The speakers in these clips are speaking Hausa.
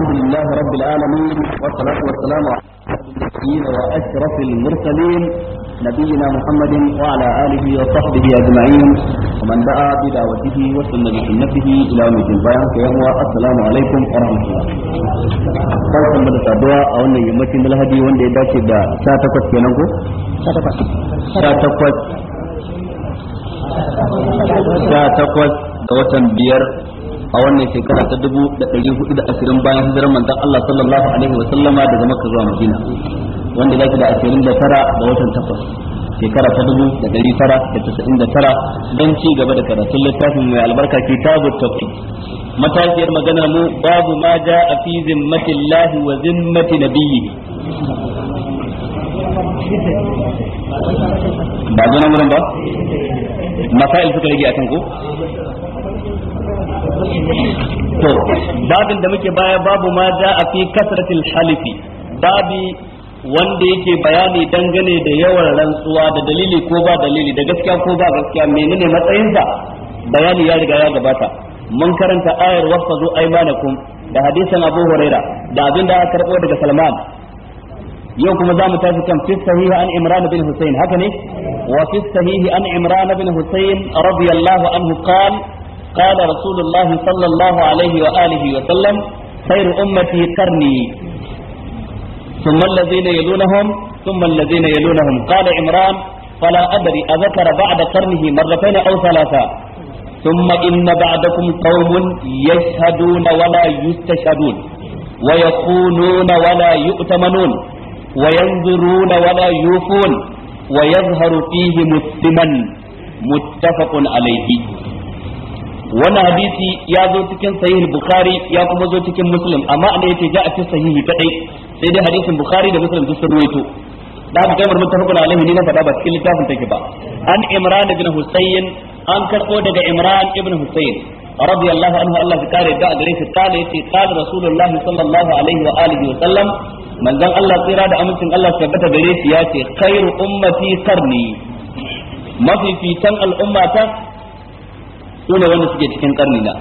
الحمد لله رب العالمين والصلاة والسلام على المرسلين وأشرف المرسلين نبينا محمد وعلى آله وصحبه أجمعين ومن دعا بدعوته وسن بسنته إلى يوم الدين بيان فهو السلام عليكم ورحمة الله farkon mu da saduwa a wannan yammacin na lahadi wanda ya dace da 18 kenan ko 18 18 ga watan biyar a wannan shekara ta dubu da ɗari hudu da ashirin bayan hijirar manzon Allah sallallahu alaihi wa sallama daga Makka zuwa Madina wanda yake da ashirin da tara da watan takwas shekara ta dubu da ɗari tara da tasa'in da tara don ci gaba da karatun littafin mai albarka ke kitabu tauhid matashiyar magana mu babu ma ja a fi zimmatillahi wa zimmati nabiyyi ba zo nan wurin ba masail suka rage akan ko to babin da muke baya babu ma da a fi kasratil halifi babi wanda yake bayani dangane da yawan rantsuwa da dalili ko ba dalili da gaskiya ko ba gaskiya menene matsayinsa bayani ya riga ya gabata mun karanta ayar wafazu aymanakum da hadisin Abu Huraira da abin da aka karbo daga Salman yau kuma za mu tafi kan fit sahih an Imran bin Husayn, haka ne wa fit sahihi an Imran bin husayn radiyallahu anhu qala قال رسول الله صلى الله عليه وآله وسلم خير أمتي قرني ثم الذين يلونهم ثم الذين يلونهم قال عمران فلا أدري أذكر بعد قرنه مرتين أو ثلاثة ثم إن بعدكم قوم يشهدون ولا يستشهدون ويخونون ولا يؤتمنون وينظرون ولا يوفون ويظهر فيهم مسلما متفق عليه wannan hadisi ya zo cikin sahih bukhari ya kuma zo cikin muslim amma annabi yace ja a cikin sahihi kadai sai dai hadisin bukhari da muslim duk sun ruwaito da aka kai marmuta hukuna alaihi ne na faɗa ba cikin littafin take ba an imran ibn husayn an karɓo daga imran ibn husayn radiyallahu anhu Allah ya kare da gare shi kale yace kale rasulullah sallallahu alaihi wa alihi wa sallam manzon Allah tsira da amincin Allah tabbata gare shi yace khairu ummati qarni fitan al'ummata su ne wanda suke cikin karni na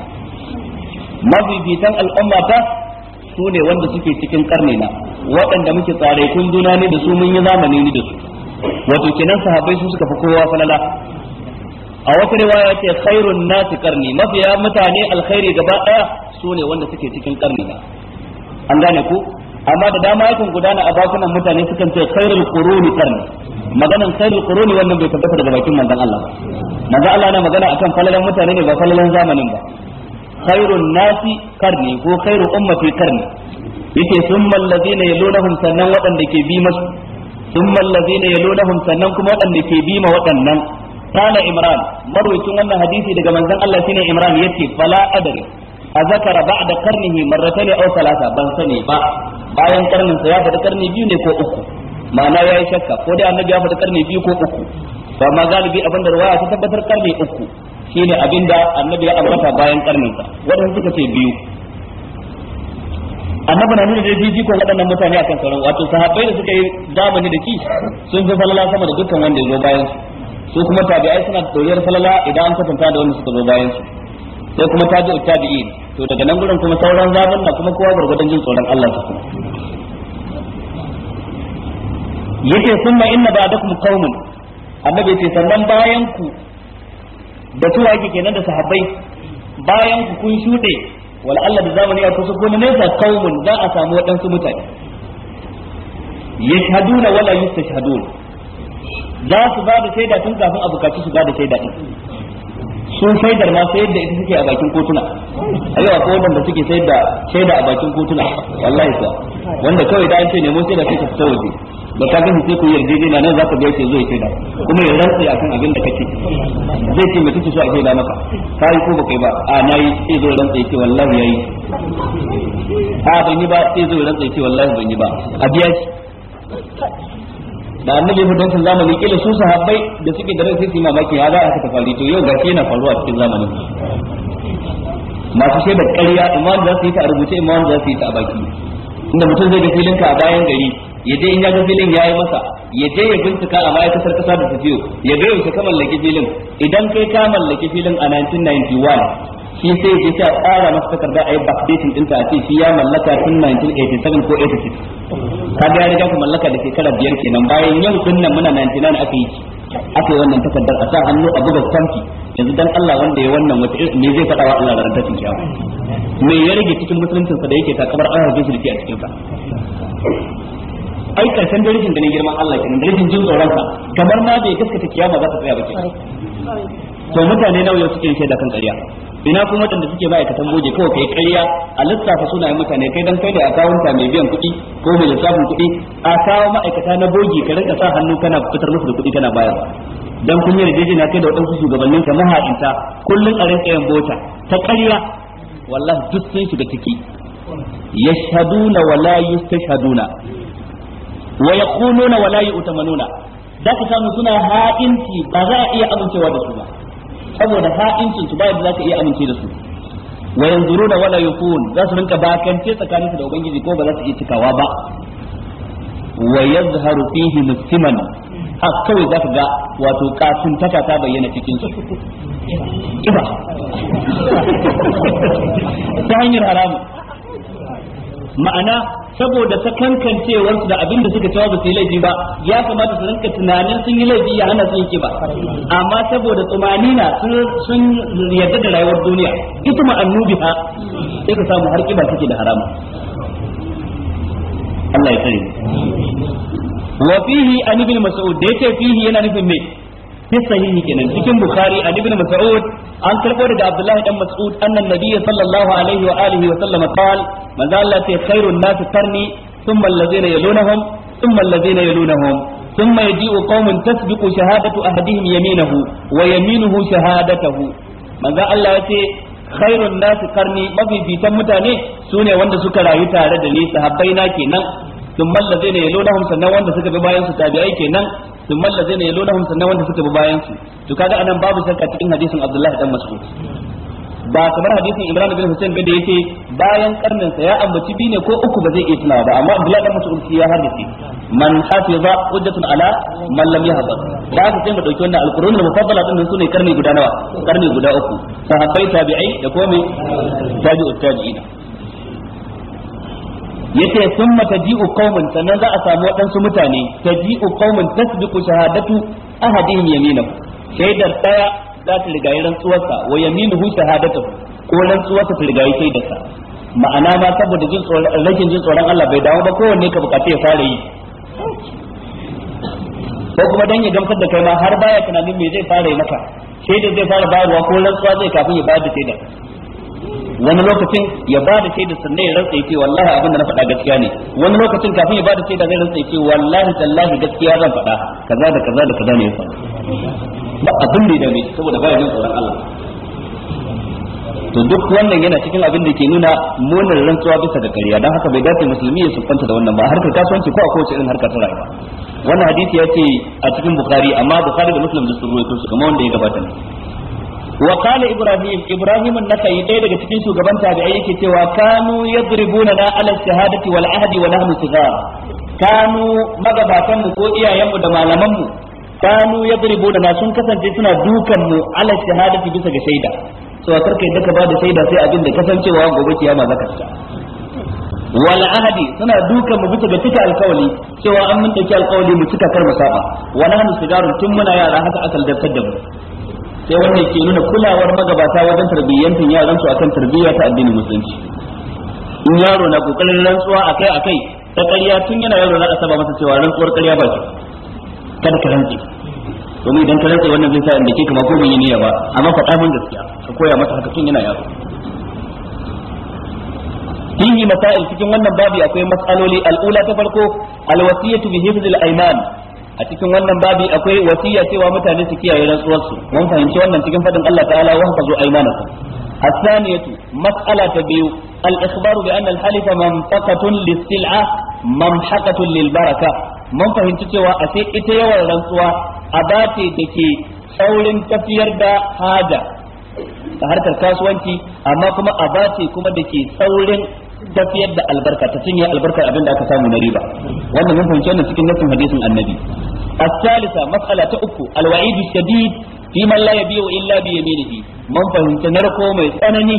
mafifitan al'umma ta su ne wanda suke cikin karni na waɗanda muke tsare kun juna ne da su mun yi zamani ne da su wato kenan sahabbai su suka fi kowa falala a wata riwaya ce khairun nasi karni mafiya mutane alkhairi gaba daya su ne wanda suke cikin karni na an gane ku amma da dama yakan gudana a bakunan mutane sukan ce khairul quruni karni maganan khairul quruni wannan bai tabbata daga bakin manzon Allah ba manzon Allah na magana akan falalan mutane ne ba falalan zamanin ba khairun nasi karni ko khairu ummati karni yake summal ladina yalunahum sannan wadanda ke bi masu summal ladina yalunahum sannan kuma waɗanda ke bi ma waɗannan kana imran marwayin wannan hadisi daga manzon Allah shine imran yace fala adri ba da karnihi marratayn aw thalatha ban sani ba bayan karnin sa ya faɗi karni biyu ne ko uku ma'ana ya yi shakka ko dai annabi ya faɗi karni biyu ko uku ba ma galibi abin da ruwaya ta tabbatar karni uku shine da annabi ya ambata bayan karnin sa wadanda suka ce biyu annabi na nuna da jijikon waɗannan mutane akan sauran wato sahabbai da suka yi zamani da ki sun fi falala sama da dukkan wanda ya zo bayan su su kuma tabi'ai suna doriyar falala idan an kwatanta da wanda suka zo bayan su sai kuma tabi'u tabi'in to daga nan gurin kuma sauran zaben na kuma kowa gurgurdan jin tsoron Allah su yace summa inna ba'dakum qaumun annabi yace sannan bayan ku da tuwa yake kenan da sahabbai bayan ku kun shude wal Allah da zamani ya kusa ko nesa qaumun za a samu waɗansu mutane yashhaduna wala yustashhadun za su ba da shaida tun kafin a bukaci su ba da shaida din sun shaidar ma sai da ita suke a bakin kotuna a yau akwai wanda suke sai da shaida a bakin kotuna wallahi kuwa wanda kawai da an ce nemo sai da sai ta fita waje ba ka gani sai ku yarjejeniya nan za ka ga yake zo ya da kuma ya rantsa akan abin da kake zai ce me so a da maka ka yi ko ba kai ba a nayi sai zo rantsa yake wallahi yayi a ban yi ba sai zo rantsa yake wallahi ban yi ba a biya shi da annabi hudancin zamani kila su sahabbai da suke da rai sai su mamaki ya za a ta faru to yau gashi yana faruwa cikin zamanin masu shaidar ƙarya imam za su yi ta a rubuce imam za su yi ta a baki inda mutum zai ga filinka a bayan gari ya je in ya ga filin ya yi masa ya je ya bincika a ma'aikatar kasa da ta biyu ya bai wuce ka mallaki filin idan kai ka mallaki filin a 1991 shi sai ya ta tsara masa takarda a yi backdating dinta a ce shi ya mallaka tun 1987 ko 86 kaga ya riga ku mallaka da shekara biyar kenan bayan yau tun nan muna 99 aka yi aka yi wannan takardar a sa hannu a buga stamfi yanzu dan Allah wanda ya wannan wata me zai faɗa wa Allah ran tashin kiyama me ya rage cikin musuluncinsa da yake takabar an da shi da a cikin sa ai karshen darajin da na girman Allah kenan darajin jin tsoron ka kamar ma bai gaskata kiyama za ta tsaya ba ke. to mutane nawa yau suke shaida kan ƙarya ina kuma waɗanda suke ma'aikatan goje kawai kai ƙarya a lissafa sunayen mutane kai dan kai da akawunta mai biyan kuɗi ko mai lissafin kuɗi a kawo ma'aikata na bogi ka rinka sa hannu kana fitar musu da kuɗi kana bayarwa dan kun yi rijijina kai da waɗansu shugabannin ka maha'inta kullum a rinka yin bota ta ƙarya wallahi duk sun shiga ciki yashhaduna wala yastashhaduna wa yakhununa wa la yu'tamanuna da ka samu suna ha'inci ba za a iya amincewa da su ba saboda ha'incin su ba yadda za ka iya amince da su wa yanzuruna wala yuqun za su rinka bakance tsakanin su da ubangiji ko ba za su iya cikawa ba wa yadhharu fihi musliman a kawai za ka ga wato kafin taka ta bayyana cikin su kiba ta hanyar haramu ma'ana saboda ta sakankancewarsu da abin da suka cewa ba su yi laifi ba ya kamata su rinka tunanin sun yi laifi ya hana su yake ba amma saboda na sun yarda da rayuwar duniya ita ma annubi ha sai ka samu har kiba take da harama. Allah ya tsare wa fihi an ibn mas'ud da yake fihi yana nufin me fi sahihi kenan cikin bukhari an ibn mas'ud an karbo daga abdullahi dan mas'ud annan nabiyyi sallallahu alaihi wa alihi wa sallam qal manzo Allah ce khairun nas tarni thumma allazina yalunahum thumma allazina yalunahum ثم يجيء قوم تسبق شهادة أحدهم يمينه ويمينه شهادته من ذا الله يتي khairun nasu karni mafifitan mutane su ne wanda suka rayu tare da ni sahabbai na kenan sun mallaze ne yalo nahum sannan wanda suka bi bayan su tabi'ai kenan sun zai ne yalona hum sannan wanda suka bi bayan su to kaga anan babu shakka cikin hadisin Abdullahi dan Mas'ud ba kamar hadisin Ibrahim bin Hussein ba da yake bayan karnin sa ya ambaci bi ne ko uku ba zai iya tunawa ba amma Abdullahi dan Mas'ud shi ya hadisi man hafiza hujjatun ala man lam yahza da haka sai mu dauki wannan alqur'ani mufaddala din nan sune karni guda nawa karni guda uku sahabbai tabi'ai da komai tabi'ut tabi'ina yace summa taji'u qaumun sannan za a samu waɗansu mutane taji'u qaumun tasbiqu shahadatu ahadihim yaminahu shaidar daya za ta rigayi rantsuwarsa wa yaminuhu shahadatu ko rantsuwarsa ta rigayi shaidarsa ma'ana ma saboda jin tsoron rashin jin tsoron Allah bai dawo ba kowanne ka bukace ya fara yi ko kuma dan ya gamsar da kai ma har baya tunanin me zai fara yi maka shaidar zai fara bayarwa ko rantsuwa zai kafin ya bayar da shaidar wani lokacin ya ba da shaida sannan ya rantsa yake wallahi abin da na faɗa gaskiya ne wani lokacin kafin ya ba da shaida zai rantsa yake wallahi tallahi gaskiya zan faɗa kaza da kaza da kaza ne ya faɗa ba abin da ya dame saboda baya jin tsoron Allah to duk wannan yana cikin abin da ke nuna munar rantsuwa bisa ga kariya dan haka bai dace musulmi ya sufanta da wannan ba harkar kasuwanci ko a kowace irin harkar ta rayuwa wannan hadisi ya ce a cikin bukhari amma bukhari da muslim da sun ruwaito shi kamar wanda ya gabata ne wa qala ibrahim ibrahim an-nakai dai daga cikin shugaban ta tabi'ai yake cewa kanu yadribuna na ala shahadati wal ahdi wa nahnu sigar kanu magabatan mu ko iyayen mu da malaman mu kanu yadribuna na sun kasance suna dukan mu ala shahadati bisa ga shaida so a karkai da ba da shaida sai abin da kasancewa gobe kiyama zaka ta wal ahadi suna dukan mu bisa ga cika alkawali cewa an mun dauki alkawali mu cika kar mu saba wa nahnu sigarun tun muna yara haka asal ladabtar da mu sai wannan ke nuna kulawar magabata wajen tarbiyyantar yaran su akan tarbiyya ta addinin musulunci in yaro na kokarin rantsuwa akai akai ta ƙarya tun yana yaro na asaba masa cewa rantsuwar ƙarya ba ce kada ka rantsi domin idan ka rantsi wannan zai sa inda ke kama ko ban yi niyya ba amma faɗa mun gaskiya ka koya masa haka tun yana yaro fihi masail cikin wannan babi akwai mas'aloli al'ula ta farko alwasiyatu bi hifzil ayman a cikin wannan babi akwai wasiya cewa mutane su kiyaye rantsuwarsu mun fahimci wannan cikin fadin Allah ta'ala wa hafazu aymanakum الثانية مسألة بيو الإخبار بأن الحلف منفقة للسلعة ممحقة للبركة من fahimci cewa a sai ita yawan rantsuwa a bace da ke saurin tafiyar da haja a harkar kasuwanci amma kuma a bace kuma da ke saurin tafiyar da albarka ta cinye albarkar abin da aka samu na riba wannan mun fahimci wannan cikin nassin hadisin annabi asalisa matsala ta uku alwa'idu shadid fi man la illa bi yaminihi mun fahimci narko mai tsanani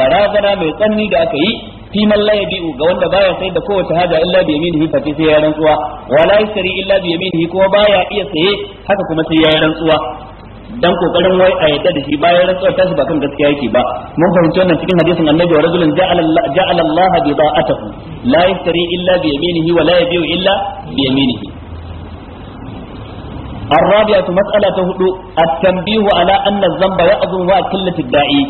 barazana mai tsanani da aka yi fi man la ga wanda baya sayar da kowace haja illa bi yaminihi fa sai ya rantsuwa wala yashri illa bi yaminihi kuma baya iya saye haka kuma sai ya rantsuwa dan kokarin wai a yadda da shi bayan rantsuwar tashi ba kan gaskiya yake ba mun fahimci wannan cikin hadisin annabi wa rajulun ja'ala Allah bida'atahu la yashtari illa bi yaminihi wa la yabi'u illa bi yaminihi الرابعة مسألة هدوء التنبيه على أن الذنب يعظم وقلة الداعي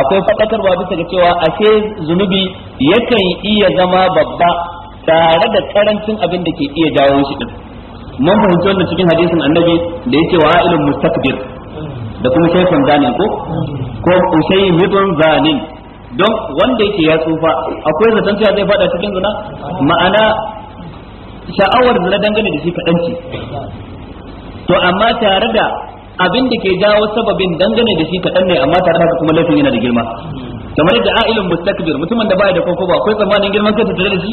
akwai faɗakarwa bisa ga cewa ashe zunubi yakan iya zama babba tare da karancin abin da ke iya jawo shi din mun fahimci wannan cikin hadisin annabi da yake wa ilmun mustakbir da kuma shaykhun zanin ko ko usayyibun zanin don wanda yake ya tsufa akwai zaton cewa zai fada cikin zina ma'ana sha'awar na dangane da shi kaɗan to amma tare da abin da ke jawo sababin dangane da shi kaɗan ne amma tare da haka kuma laifin yana da girma kamar da ailun mustakbir mutumin da baya da koko ba akwai tsammanin girman kai tare da shi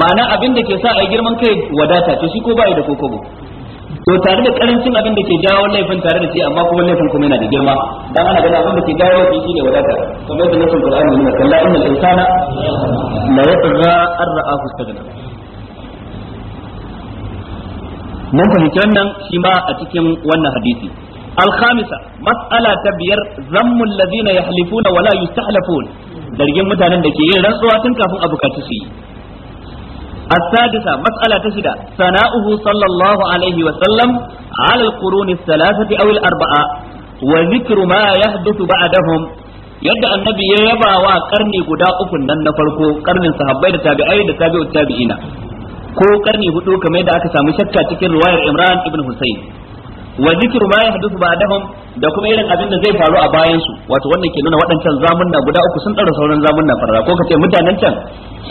ma'ana abin da ke sa a girman kai wadata to shi ko baya da koko ba to tare da karancin abin da ke jawo laifin tare da shi amma kuma laifin kuma yana da girma dan ana ganin abin da ke jawo shi shine wadata kamar da nasu qur'ani yana kalla innal insana la yatgha ar-ra'ahu istaghna mun fahimci wannan shi ma a cikin wannan hadisi الخامسة مسألة تبير ذم الذين يحلفون ولا يستحلفون درجين متانا دكي رسوا تنكافون أبو كاتسي السادسة مسألة تشدة ثناؤه صلى الله عليه وسلم على القرون الثلاثة أو الأربعة وذكر ما يحدث بعدهم yadda annabi ya yaba wa karni guda ukun nan na farko karnin sahabbai da tabi'ai da tabi'ut tabi'ina ko karni hudu kamar yadda aka samu shakka cikin riwayar Imran ibn Husayn wa zikru ma yahdathu ba'dahum da kuma irin abin da zai faru a bayan su wato wannan ke nuna waɗancan zamunna guda uku sun tsara sauran zamunna farra ko kace mutanen can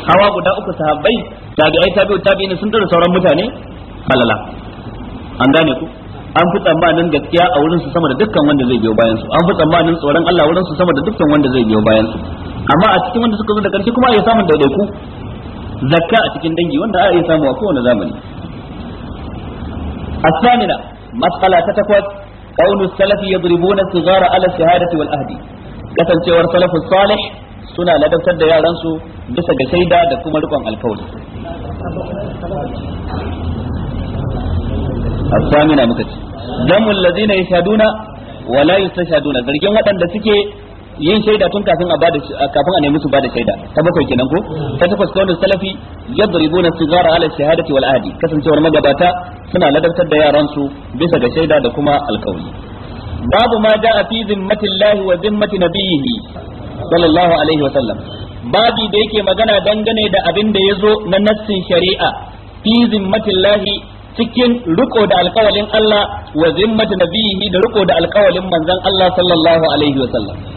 hawa guda uku sahabbai tabi'ai tabi'u tabi'in sun tsara sauran mutane halala an gane ku an fi tsammanin gaskiya a wurin su sama da dukkan wanda zai biyo bayan su an fi tsammanin tsoron Allah wurin su sama da dukkan wanda zai biyo bayan su amma a cikin wanda suka zo da karshe kuma ya samu ku zakka a cikin dangi wanda a iya samu a kowane zamani الثامنة matsala ta takwas kaunus salafi yadribuna sigara ala shahadati wal ahdi kasancewar salafus salih suna ladabtar da yaransu bisa ga shaida da kuma rikon alkawari asamina muka ce damul ladina yashaduna wala yastashaduna zargin waɗanda suke yin shaida tun kafin a bada kafin a nemi su bada shaida ta bakwai kenan ko ta takwas kawai salafi yadribuna sigara ala shahadati wal ahdi kasancewar magabata suna ladabtar da yaran su bisa ga shaida da kuma alkawari babu ma ja'a fi zimmati llahi wa zimmati sallallahu alaihi wa sallam babi da yake magana dangane da abin da yazo na nassin shari'a fi zimmati llahi cikin riko da alkawalin Allah wa zimmati nabiyhi da riko da alkawalin manzon Allah sallallahu alaihi wa sallam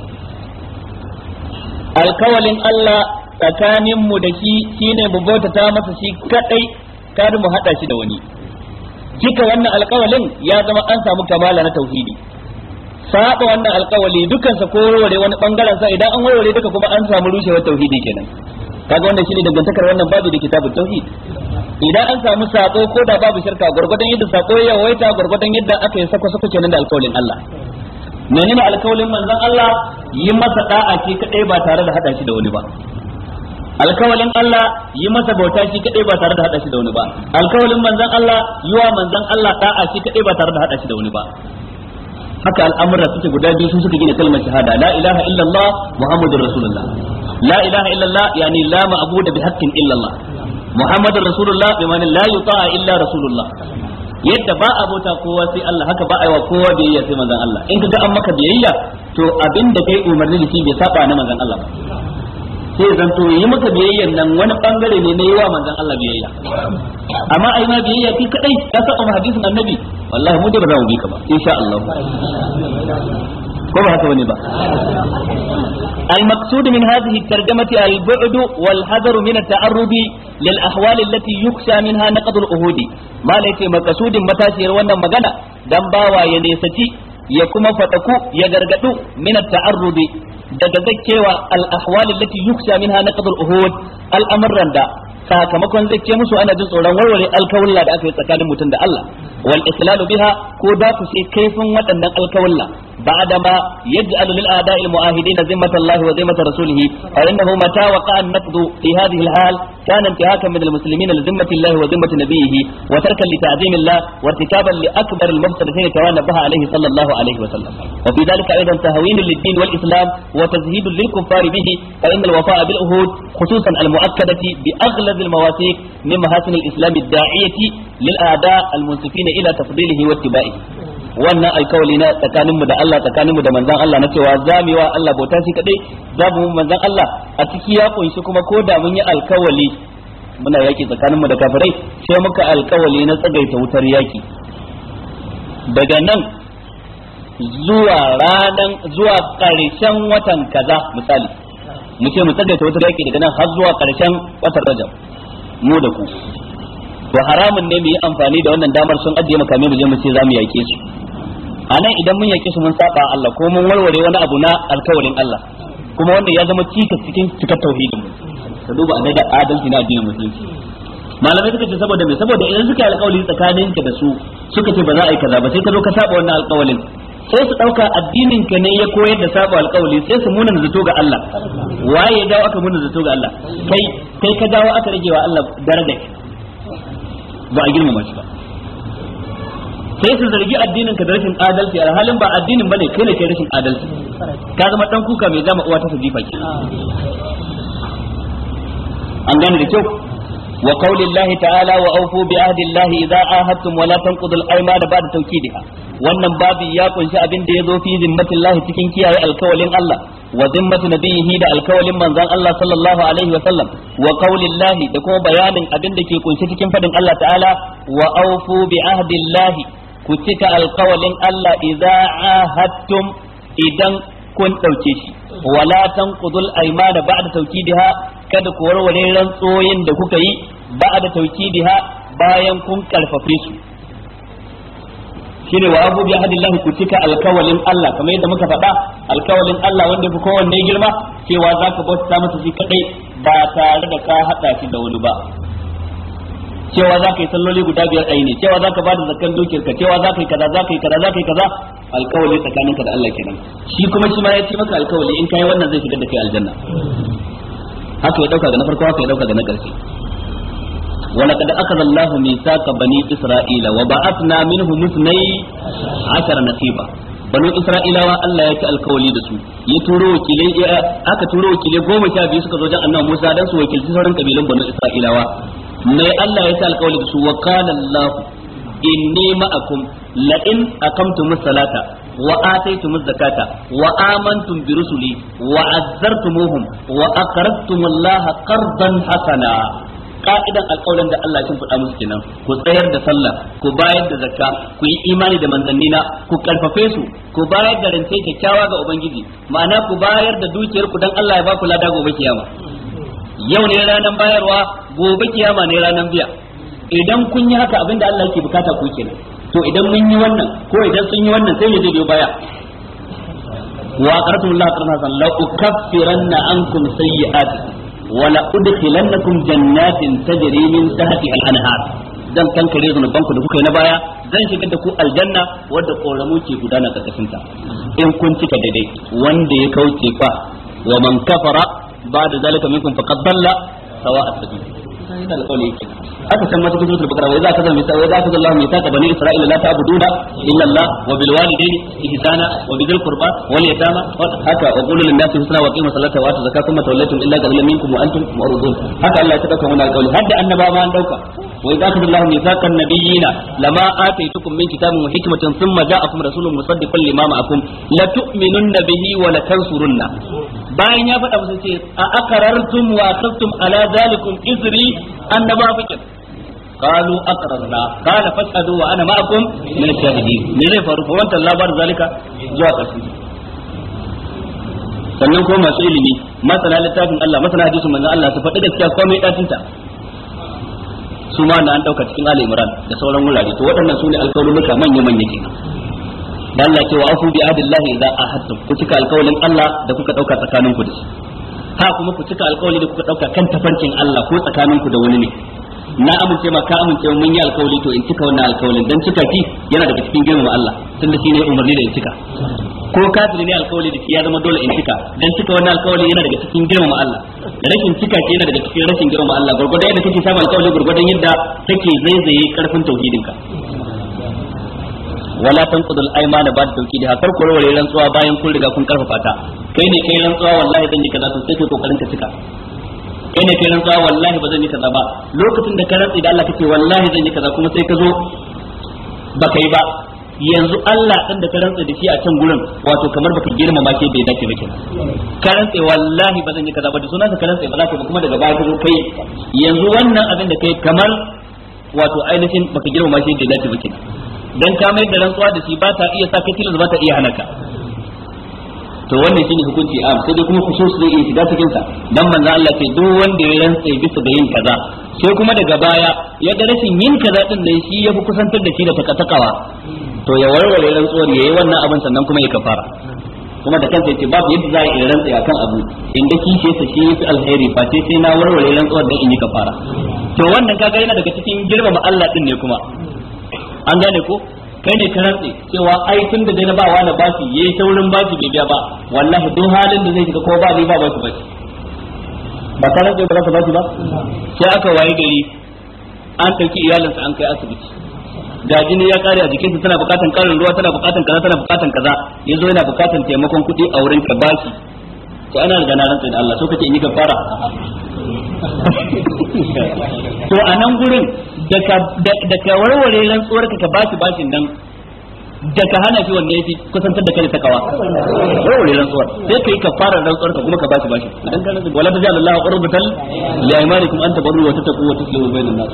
alkawalin Allah tsakanin mu da shi shine mu bautata masa shi kadai kada mu hada shi da wani cika wannan alkawalin ya zama an samu kamala na tauhidi saba wannan alkawali dukkan sa ko warware wani bangaren sa idan an warware duka kuma an samu rushewar tauhidi kenan kaga wannan shine dangantakar wannan babu da kitabul tauhid idan an samu sako ko da babu shirka gurgurdan yadda sako ya waita gurgurdan yadda aka yi sako sako kenan da alkawalin Allah menene alkawalin manzon Allah yi masa da'a shi kadai ba tare da hada shi da wani ba alkawalin Allah yi masa bauta shi kadai ba tare da hada shi da wani ba alkawalin manzon Allah yi wa manzon Allah da'a shi kadai ba tare da hada shi da wani ba haka al'amura suke guda biyu sun suka gina kalmar shahada la ilaha illallah muhammadur rasulullah la ilaha illallah yani la ma'budu bihaqqin illallah muhammadur rasulullah bi ma'ana la yuta'a illa rasulullah yadda ba a bauta kowa sai Allah haka ba a yi wa kowa biyayya sai manzon Allah in ka ga an maka biyayya to abin da kai umarni da shi bai saba na manzon Allah ba sai zan to yi maka biyayyan nan wani bangare ne na yi wa manzon Allah biyayya amma ai ma biyayya kai kadai ka saba hadisin annabi wallahi mu da ba za mu bi ka ba insha Allah ko ba haka bane ba المقصود من هذه الترجمة البعد والحذر من التعرض للأحوال التي يخشى منها نقض الأهود ما ليس مقصود متاثر وانا مغانا دنباوا ينيستي يكما فتكو يغرغتو من التعرض daga zakewa al-ahwal allati yukhsha minha naqd al-uhud al-amran da sakamakon zai ce musu ana jin tsoron warware alkawalla da aka yi tsakanin mutum da Allah wal islalu biha ko da ku sai kaifin waɗannan alkawalla ba'da ma yaj'alu ada a'da'i al mu'ahidina zimmata Allah wa zimmata rasulih fa innahu mata waqa'a an nafdu fi hadhihi al hal kana intihakan min al muslimina li zimmati Allah wa wa tarkan li ta'zim Allah wa irtikaban li akbar al mufsadatin kama nabaha alayhi sallallahu alayhi wa sallam wa fi dhalika aidan tahwin lid din wal islam wa tazhid lil kuffar bihi fa inna al bil uhud khususan al mu'akkadati bi aghlab هذه المواثيق من محاسن الإسلام الداعية للأعداء المنصفين إلى تفضيله واتباعه wannan alkawali na tsakaninmu da Allah tsakaninmu da manzon Allah na cewa za mu yi wa Allah bauta shi kadai za mu manzon Allah a ciki ya kunshi kuma ko da mun yi alkawali muna yaki tsakaninmu da kafirai sai muka alkawali na tsagaita wutar yaki daga nan zuwa ranan zuwa ƙarshen watan kaza misali mu ce mu tsagaita wata yaki daga nan har zuwa karshen watan rajab mu da ku to haramun ne mu yi amfani da wannan damar sun ajiye makamai mu je mu ce za mu yaƙe su a nan idan mun yaƙe su mun saba Allah ko mun warware wani abu na alkawarin Allah kuma wanda ya zama cikas cikin cikar tauhidin mu ka duba a da adalci na addinin musulunci malamai suka ce saboda me saboda idan suka yi alkawari tsakanin ka da su suka ce ba za a yi kaza ba sai ka zo ka saba wannan alkawarin sai su ɗauka addinin ka ne ya koyar da sabo alƙawali sai su munana zato ga Allah waye dawo aka munana zato ga Allah kai kai ka dawo aka rage wa Allah daraja ba a girmama shi ba sai su zargi addinin ka da rashin adalci alhalin ba addinin bane kai ne kai rashin adalci ka zama dan kuka mai zama uwa ta sabifa ke an gane da kyau وقول الله تعالى وأوفوا بعهد الله إذا عاهدتم ولا تنقضوا الأيمان بعد توكيدها wannan babi ya kunshi abin da ya zo fi zimmatin lahi cikin kiyaye alkawalin Allah wa zimmatu nabiyihi da alkawalin manzon Allah sallallahu alaihi wa sallam wa qaulillahi da kuma bayanin abin da ke kunshi cikin fadin Allah ta'ala wa aufu bi ahdillahi ku cika alkawalin Allah idza ahadtum idan kun dauke shi wala tanqudul aymana ba'da tawkidiha kada ku warware rantsoyin da kuka yi ba'a da taukidiha bayan kun karfafe su shine wa abu bi hadillah ku cika alkawalin Allah kamar yadda muka faɗa alkawalin Allah wanda ku kowanne girma cewa zaka bauta masa shi kadai ba tare da ka hada shi da wani ba cewa za ka yi salloli guda biyar a ne cewa za ka ba da zakan dukiyarka cewa za ka yi kaza za ka yi kaza za ka yi kaza alkawali tsakaninka da Allah kenan shi kuma shi ma ya ce maka alkawali in kai wannan zai shiga da kai aljanna haka ya dauka da na farko haka ya dauka da na karshe ولقد أخذ الله ميثاق بني إسرائيل وبعثنا منهم اثني عشر نقيبا banu isra'ilawa Allah ya ci alkawali da su ya turo wakilai aka turo wakilai goma sha biyu suka zo a annabi Musa dan su wakilci sauran kabilan banu isra'ilawa mai Allah ya ci alkawali da su wa qala Allah salata wa ataytumuz zakata wa amantum bi rusuli wa azzartumuhum wa aqradtumullaha qardan hasana ka'idan alƙawarin da Allah ya faɗa musu kenan ku tsayar da sallah ku bayar da zakka ku yi imani da manzannina ku karfafe su ku bayar da rance kyakkyawa ga ubangiji ma'ana ku bayar da dukiyar ku dan Allah ya ba ku lada gobe kiyama yau ne ranar bayarwa gobe kiyama ne ranar biya idan kun yi haka abinda Allah yake bukata ku kenan to idan mun yi wannan ko idan sun yi wannan sai ya je baya wa qaratu Allah qarna san la ukaffiranna ankum sayyi'at wa la udkhilannakum jannatin tajri min tahtiha al-anhar dan kankare zanuban ku da kuka yi na baya zan shigar da ku aljanna wadda koramu ke gudana karkashin ta in kun cika daidai wanda ya kauce fa wa man kafara ba'da zalika minkum faqad dalla sawa'a sabil sai da alƙawari yake haka can ma cikin suratul wai za ka zama wai za ka zama mai saka bani isra'ila la ta'buduna illa allah wa bil walidayni ihsana wa bidil qurba wal yatama haka wa qulul linnasi husna wa qimu salata wa atu zakata ma tawallaytum illa qalilan minkum wa antum mu'ridun haka allah ya dauka wannan alƙawari hadda ma an dauka allah nabiyina lama min kitabin wa hikmatin thumma ja'akum rasulun musaddiqan lima ma'akum la tu'minunna bihi wa la tansurunna bayan ya faɗa musu ce a akarartum wa akhadtum ala zalikum izri annaba fikin qalu aqrarna qala fashhadu wa ana ma'akum min ash-shahidin me zai faru fa wannan labar zalika zuwa kashi sannan ko masu ilimi masana littafin Allah masana hadisin manzon Allah su faɗi gaskiya komai datinta su ma na an ɗauka cikin Ali Imran da sauran wurare to waɗannan su ne alƙawarurruka manya manya kenan da Allah ce wa afu bi adillahi idza ahadtum ku cika alƙawarin Allah da kuka ɗauka tsakaninku da shi ha kuma ku cika alƙawari da kuka ɗauka kan tafarkin Allah ko tsakaninku da wani ne na amince ma ka amince mun yi alkawali to in cika wannan alkawalin dan cika shi yana daga cikin girmama Allah tunda shi ne umarni da in cika ko kafiri ne alkawali da ya zama dole in cika dan cika wannan alkawali yana daga cikin girmama Allah rashin cika shi yana daga cikin rashin girmama Allah gurgurda yadda kake saba alkawali gurgurdan yadda kake zaizaye karfin tauhidinka wala tanqudu al-ayman ba'da tawkidiha kar ku rawale rantsuwa bayan kun riga kun karfafa ta kai ne kai rantsuwa wallahi zan yi kaza to sai kai kokarin ka cika kai ne kai rantsuwa wallahi ba zan yi kaza ba lokacin da ka rantsi da Allah kake wallahi zan yi kaza kuma sai ka zo ba kai ba yanzu Allah dan da ka rantsa da shi a can gurin wato kamar baka girma ma ke bai dace ba kenan ka rantsa wallahi ba zan yi kaza ba da sunan ka rantsa ba za ka ba kuma daga baya ka zo kai yanzu wannan abin da kai kamar wato ainihin baka girma ma ke bai dace ba kenan dan ka mai da rantsuwa da shi ba ta iya sa ka tilas ba ta iya halaka to wannan shine hukunci a sai dai kuma su zai iya shiga cikin sa dan manzo Allah ce duk wanda ya rantsa bisa da yin kaza sai kuma daga baya ya ga rashin yin kaza din da shi fi kusantar da shi da takatakawa to ya warware rantsuwar yayi wannan abin sannan kuma ya kafara kuma da kansa yace babu yadda za a yi rantsa akan abu in ga kishe sa shi yafi alheri ba sai sai na warware rantsuwar da in yi kafara to wannan kaga yana daga cikin girmama Allah din ne kuma an gane ko kai ne ka rantsi cewa ai tun da na ba wani ya yayi taurin baki bai biya ba wallahi duk halin da zai shiga ko ba ni ba baki bashi ba ka rantsi ba ka baki ba sai aka waye gari an ɗauki iyalinsa an kai asibiti da jini ya kare a jikinsa tana bukatan karin ruwa tana bukatan kaza tana bukatan kaza yazo yana bukatan taimakon kuɗi a wurin ka baki to ana riga na rantsi da Allah so kace in yi gafara to a nan gurin da ka warware rantsuwar ka ka bashi bashin nan da ka hana shi wanne yafi kusantar da kai ta takawa warware rantsuwar sai kai ka fara rantsuwar ka kuma ka bashi bashi idan ka rantsu wala tajal Allah qurbatal li aymanikum an tabarru wa tattaqu wa tuslihu bainan nas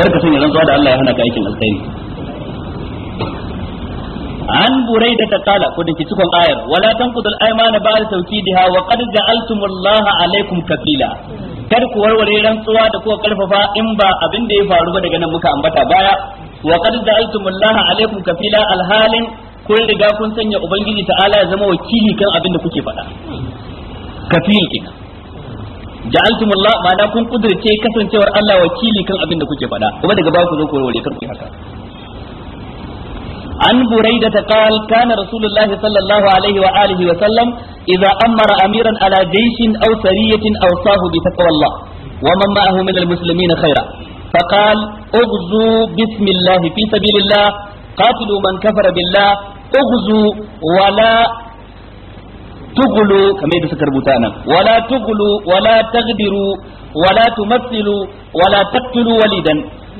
kar ka sanya rantsuwa da Allah ya hana ka aikin alkhairi an burai da ta kala ko da ke cikon ayar wala tanqudul aymana ba'da tawkidiha wa qad ja'altumullahu alaykum kafila kar ku warware rantsuwa da kuka karfafa in ba abin da ya faru ba daga nan muka ambata baya wa qad ja'altumullaha alaikum kafila alhalin kun riga kun sanya ubangiji ta'ala ya zama wakili kan abin da kuke faɗa kafil kenan ja'altumullah ma'ana kun kudirce kasancewar Allah wakili kan abin da kuke faɗa kuma daga ba ku zo ku warware kar ku haka عن بريدة قال كان رسول الله صلى الله عليه وآله وسلم إذا أمر أميرا على جيش أو سرية أوصاه بتقوى الله ومن معه من المسلمين خيرا فقال اغزوا بسم الله في سبيل الله قاتلوا من كفر بالله اغزوا ولا tugulu كما yadda suka rubuta nan wala tugulu wala tagdiru wala tumathilu wala taqtulu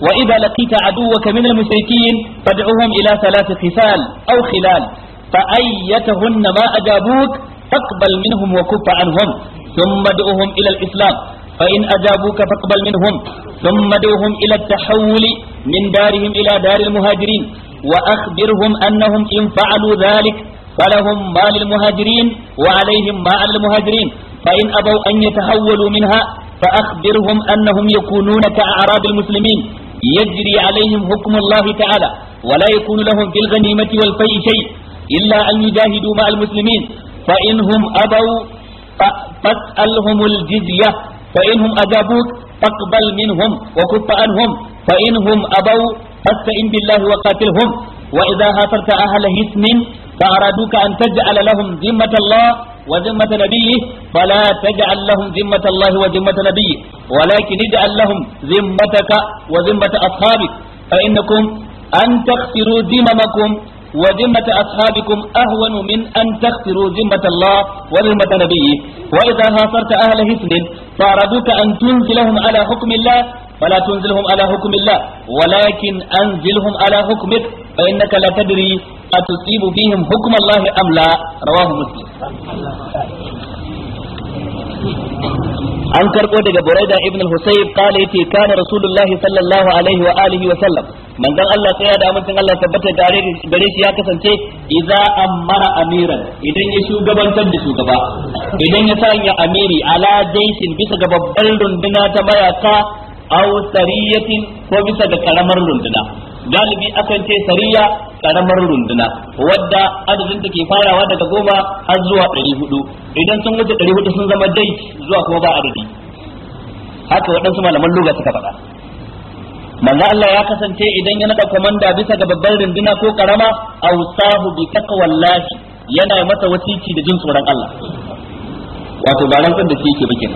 وإذا لقيت عدوك من المشركين فادعهم إلى ثلاث خصال أو خلال فأيتهن ما أجابوك فاقبل منهم وكف عنهم ثم ادعهم إلى الإسلام فإن أجابوك فاقبل منهم ثم ادعهم إلى التحول من دارهم إلى دار المهاجرين وأخبرهم أنهم إن فعلوا ذلك فلهم ما للمهاجرين وعليهم ما على المهاجرين فإن أبوا أن يتحولوا منها فأخبرهم أنهم يكونون كأعراب المسلمين يجري عليهم حكم الله تعالى ولا يكون لهم في الغنيمة والفيء شيء إلا أن يجاهدوا مع المسلمين فإنهم أبوا فاسألهم الجزية فإنهم أجابوك فاقبل منهم وكف عنهم فإنهم أبوا فاستئن بالله وقاتلهم وإذا هاجرت أهل هسن فأرادوك أن تجعل لهم ذمة الله وذمة نبيه فلا تجعل لهم ذمة الله وذمة نبيه ولكن اجعل لهم ذمتك وذمة أصحابك فإنكم أن تغفروا ذممكم وذمة أصحابكم أهون من أن تغفروا ذمة الله وذمة نبيه وإذا هاصرت أهل هثم فأرادوك أن تنزلهم على حكم الله فلا تنزلهم على حكم الله ولكن أنزلهم على حكمك فإنك لا تدري atusibu fihim hukm Allah am an karbo daga Buraida ibn al-Husayb kale yace kana Rasulullah sallallahu alaihi wa wa sallam manzon Allah sai ya da mutun Allah tabbata gare gare shi ya kasance idza amara amiran idan ya shugabantar da shugaba idan ya sanya amiri ala jaishin bisa ga babbar runduna ta mayaka aw sariyatin ko bisa ga karamar runduna galibi akan ce sariya karamar runduna wadda adadin take farawa daga goma har zuwa ɗari hudu idan sun wuce ɗari hudu sun zama dai zuwa kuma ba adadi haka waɗansu malaman luga suka faɗa manzo Allah ya kasance idan ya naɗa komanda bisa ga babbar runduna ko karama awsahu bi taqwallahi yana mata wasiki da jin tsoron Allah wato ba rantsar da shi bikin.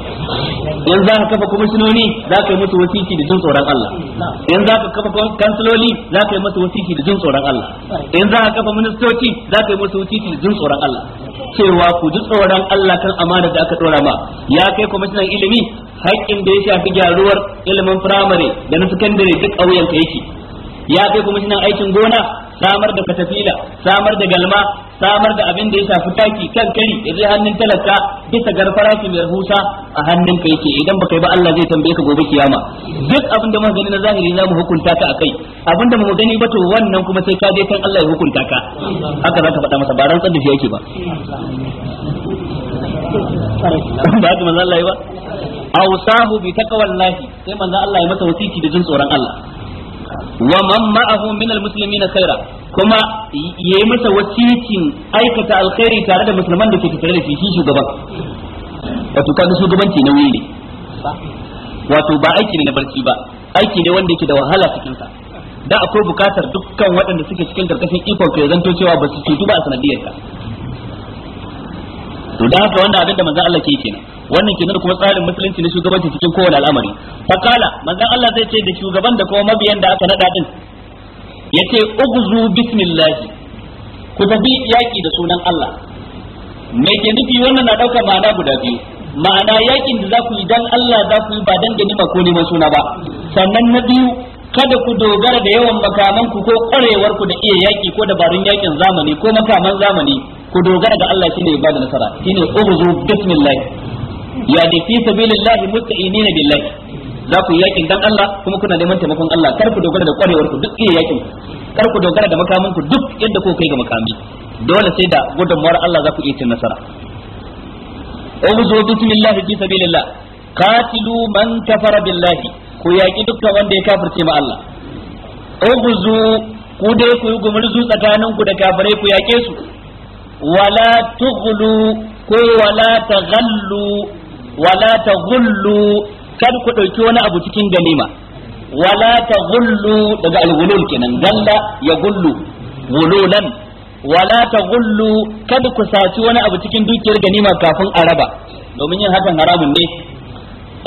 bakin in za ka kafa kwamishinoni za ka yi musu wasiki da jin tsoron Allah in za ka kafa kansiloli za ka yi musu wasiki da jin tsoron Allah in za ka kafa ministoci za ka yi musu wasiki da jin tsoron Allah cewa ku ji tsoron Allah kan amana da aka dora ma ya kai kwamishinan ilimi haƙƙin da ya shafi gyaruwar ilimin firamare da na sakandare duk a wuyanka yake ya kai kwamishinan aikin gona samar da katafila samar da galma samar da abin da ya shafi taki kan kari ya je hannun talaka bisa garfara ki mai rahusa a hannun ka yake idan baka yi ba Allah zai tambaye ka gobe kiyama duk abin da gani na zahiri za mu hukunta ka akai abin da mu gani ba to wannan kuma sai ka je kan Allah ya hukunta ka haka za ka faɗa masa ba rantsar da shi yake ba ba haka manzo Allah ya ba awsahu bi taqwallahi sai manzo Allah ya masa wasiki da jin tsoron Allah wa man ma'ahu min almuslimina khaira kuma yayi masa wasicin aikata alkhairi tare da musulman da ke tattare da shi shi shugaban wato kaga shugabanci na wuri wato ba aiki ne na barci ba aiki ne wanda yake da wahala cikin sa da akwai bukatar dukkan waɗanda suke cikin karkashin ikon ka zanto cewa ba su cutu ba a sanadiyar ka to da haka wanda abin da manzo Allah ke yi kenan wannan kenan kuma tsarin musulunci na shugabanci cikin kowane al'amari fakala manzan Allah zai ce da shugaban da kuma mabiyan da aka nada din yace ugzu bismillahi ku tafi yaƙi da sunan Allah me ke nufi wannan na ɗaukar ma'ana guda biyu ma'ana yaƙin da za ku yi dan Allah za ku yi ba dan ganima ko neman suna ba sannan na biyu kada ku dogara da yawan makamanku ko ƙwarewarku da iya yaƙi ko dabarun yaƙin zamani ko makaman zamani ku dogara ga Allah shine ya bada nasara shine ubuzu bismillah ya ne fi sabilillahi musta'inina billahi za ku yakin dan Allah kuma kuna neman taimakon Allah kar ku dogara da kwarewar ku duk iya yakin kar ku dogara da makamin ku duk inda ku kai ga makami dole sai da gudunmuwar Allah za ku iya cin nasara uzu bismillahi fi sabilillah qatilu man kafara billahi ku yaki dukkan wanda ya kafirce ma Allah uzu ku dai ku yi gumurzu tsakanin ku da kafirai ku yake su wala tughlu ko wala taghallu wala gullu, kar ku dauki wani abu cikin ganima wala ta gullu daga alghulul kenan galla ya gullu wululan wala ta gullu kad ku saci wani abu cikin dukiyar ganima kafin a raba domin yin hakan haramun ne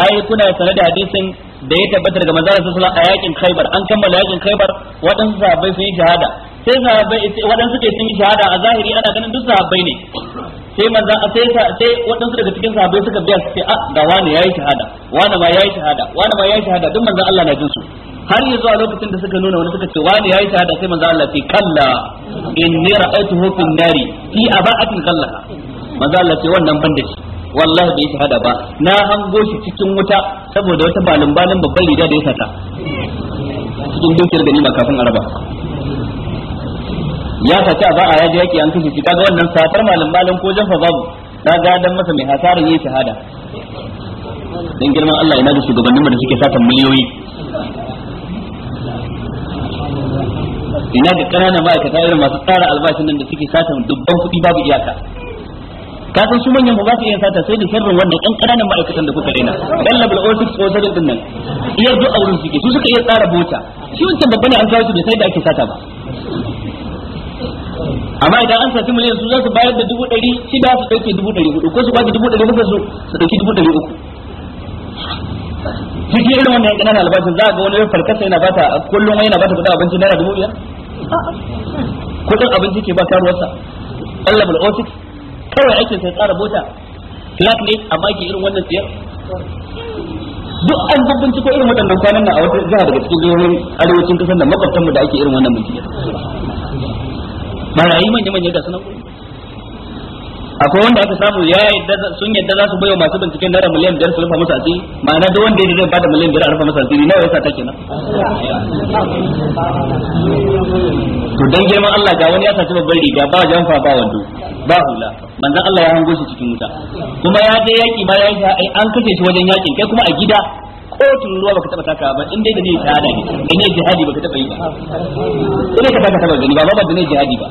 ai kuna sanar da hadisin da ya tabbata daga manzon sallallahu alaihi a yakin Khaibar an kammala yakin Khaibar waɗansu sahabbai sun yi shahada sai sahabbai waɗansu ke sun yi shahada a zahiri ana ganin duk sahabbai ne sai manzan a sai sai waɗansu daga cikin sahabbai suka biya su ce a ah, ga wani yayi shahada wani ma yayi shahada wani ma yayi shahada duk manzan Allah na jin su har yanzu a lokacin da suka nuna wani suka ce wani yayi shahada sai manzan Allah ce kalla inni ra'aytuhu fi nari fi aba'atin kallaha manzan Allah ce wannan ban da shi wallahi bai shahada ba na hango shi cikin wuta saboda wata balumbalin balin babban riga da ya sata cikin dukiyar ganima kafin araba ya ba a ba'a ya je yake an kashe shi kaga wannan satar malam malam ko jafa babu na dan masa mai hasarin yi shahada dan girman Allah ina da shugabanninmu da suke satan miliyoyi ina da ƙananan ma'aikata irin masu tsara albashin nan da suke satan dubban kuɗi babu iyaka ka san su manyan ba za su iya sata sai da sharrin wannan ɗan ƙananan ma'aikatan da kuka daina ɗan level ofis ko da din nan iya duk a wurin suke su suka iya tsara bota shi wancan babba ne an kawo su bai sai da ake sata ba amma idan an saci miliyan su za su bayar da dubu ɗari shida su ɗauke dubu ɗari hudu ko su baki dubu ɗari bakwai su su ɗauki dubu ɗari uku cikin irin wannan ƙananan albashin za a ga wani yau farkasa yana bata kullum wani yana bata kudin abinci naira dubu biyar kudin abinci ke ba karuwarsa Allah bul ofis kawai ake sai tsara bota flat ne amma ke irin wannan tsiyar duk an babbin ko irin waɗannan kwanan nan a wata jiha daga cikin jihohin arewacin kasar nan makwabtanmu da ake irin wannan mutum barayi manya manya ga sunan akwai wanda aka samu ya yadda sun yadda za su baiwa masu binciken naira miliyan biyar su rufa musu asiri ma'ana duk wanda yadda zai bada miliyan biyar a rufa musu asiri nawa yasa ta kenan to dan girman Allah ga wani ya saci babbar riga ba jamfa ba wando ba hula manzon Allah ya hango shi cikin wuta kuma ya je yaki ma ya yi an kace shi wajen yakin kai kuma a gida kotun ruwa baka taba taka ba in da ne shahada ne da ne jihadi baka taba yi ba sai ka taka taba gani ba ba da ne jihadi ba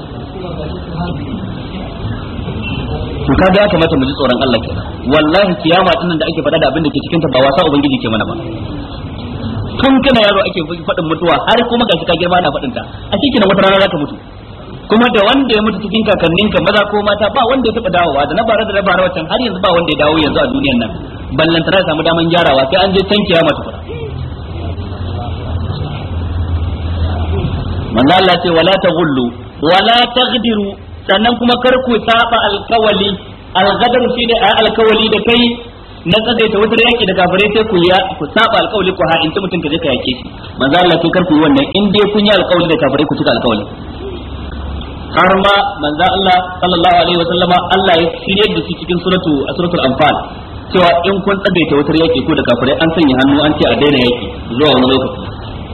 to kaga ya kamata mu ji tsoron Allah kenan wallahi kiyama din da ake faɗa da abin da ke cikin ta ba wasa ubangiji ke mana ba tun kana yaro ake faɗin mutuwa har kuma gashi ka girma na faɗin ta a cikin wata rana za ka mutu kuma da wanda ya mutu cikin kakannin ka maza ko mata ba wanda ya taba dawowa da na bara da na bara wacan har yanzu ba wanda ya dawo yanzu a duniyar nan ballan tara samu daman gyarawa sai an je can kiyama tukuna manzo Allah ce wala taghullu wala taghdiru sannan kuma kar ku saba alkawali algadar shi da alkawali da kai na tsadaita wutar yaki da kafirai sai ku ya ku saba alkawali ku ha mutum ka je ka yake shi manzo Allah ce kar ku yi wannan in dai kun yi alkawali da kafirai ku cika alkawali har ma manzo Allah sallallahu alaihi wa Allah ya shirye da su cikin suratu a suratul anfal cewa in kun tsagaita wutar yaki ko da kafirai an sanya hannu an ce a daina yaki zuwa wani lokaci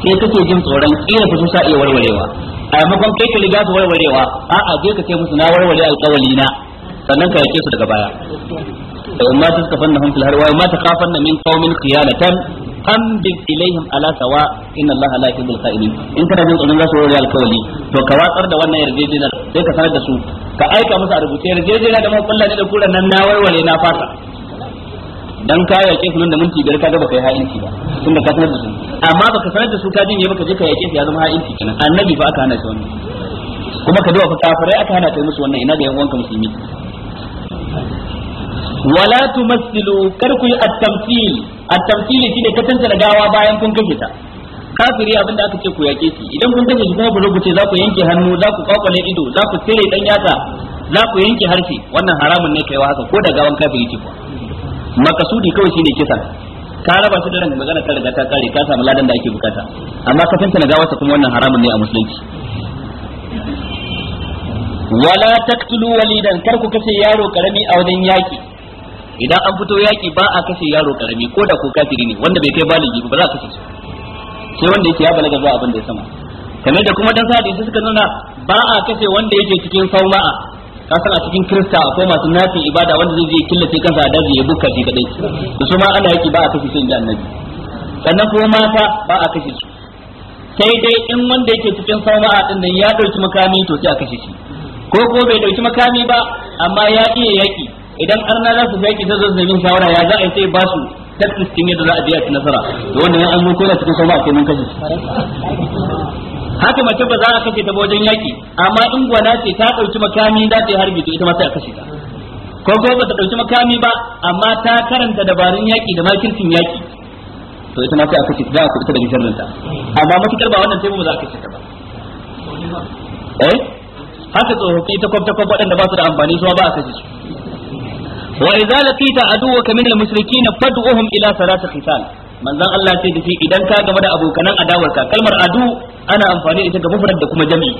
sai kake jin tsoron kila ku sa iya warwarewa a makon kai ka riga su warwarewa a je ka ce musu na warware alƙawali na sannan ka yake su daga baya da umma ta kafanna hum fil harwa ma ta kafanna min qaumin khiyanatan qamdin ilaihim ala sawa inna Allah la yuhibbul khaini in kana jin tsoron zasu wuri alkawali to ka watsar da wannan yarjejeniyar sai ka sanar da su ka aika musu a rubuce yarjejeniyar da ne da kuran nan na warware na fasa dan ka yake sunan da minti biyar ga baka yi ha'inci ba tunda ka sanar da su amma baka sanar da su ka jin jinye baka je ka yake ya zama ha'inci kenan annabi ba aka hana shi wannan kuma ka duba fa kafirai aka hana kai musu wannan ina ga yan uwanka musulmi wala tumassilu kar ku yi at-tamthil at-tamthil shine ka da gawa bayan kun kashe ta kafiri abinda aka ce ku yake shi idan kun kashe shi kuma ku rubuce za ku yanke hannu za ku kwakwale ido za ku tsire dan yatsa za ku yanke harshe wannan haramun ne wa haka ko da gawan kafiri ce ku makasudi kawai shine kisa ka raba shi da ran magana ta riga ta kare ka samu ladan da ake bukata amma ka tantana gawarsa kuma wannan haramun ne a musulunci wala taqtulu walidan kar ku kashe yaro karami a wajen yaki idan an fito yaki ba a kashe yaro karami ko da ko kafiri ne wanda bai kai baligi ba za a kashe sai wanda yake ya balaga zuwa abin da ya sama kamar da kuma dan sadi su suka nuna ba a kashe wanda yake cikin sauma'a ka san a cikin kirista akwai masu nafin ibada wanda zai je killace kansa a daji ya bukka shi kadai da su ma ana yaki ba a kashe shi inda annabi sannan kuma mata ba a kashe su sai dai in wanda yake cikin sauma'a din nan ya dauki makami to sai a kashe shi ko ko bai dauki makami ba amma ya iya yaki idan an za su yaki ta zazzabin shawara ya za a yi sai ba su ta din yadda za a biya nasara to wannan ya mun koyar cikin sauba akwai mun kaji haka mace ba za a kashe ta wajen yaki amma in gwana ce ta dauki makami za ta yi harbi to ita ma sai a kashe ta ko ko ba ta dauki makami ba amma ta karanta dabarun yaki da makircin yaki to ita ma sai a kashe ta za a da daga ta amma matukar ba wannan sai ba za a kashe ta ba eh haka tsofaffi ta kwabta kwab waɗanda ba su da amfani su ba a kashe su wa idza laqita aduwaka min al-mushrikeen fad'uhum ila salati qital manzon Allah ce da shi idan ka game da abokanan adawarka kalmar adu ana amfani da ita ga mufrad da kuma Jami.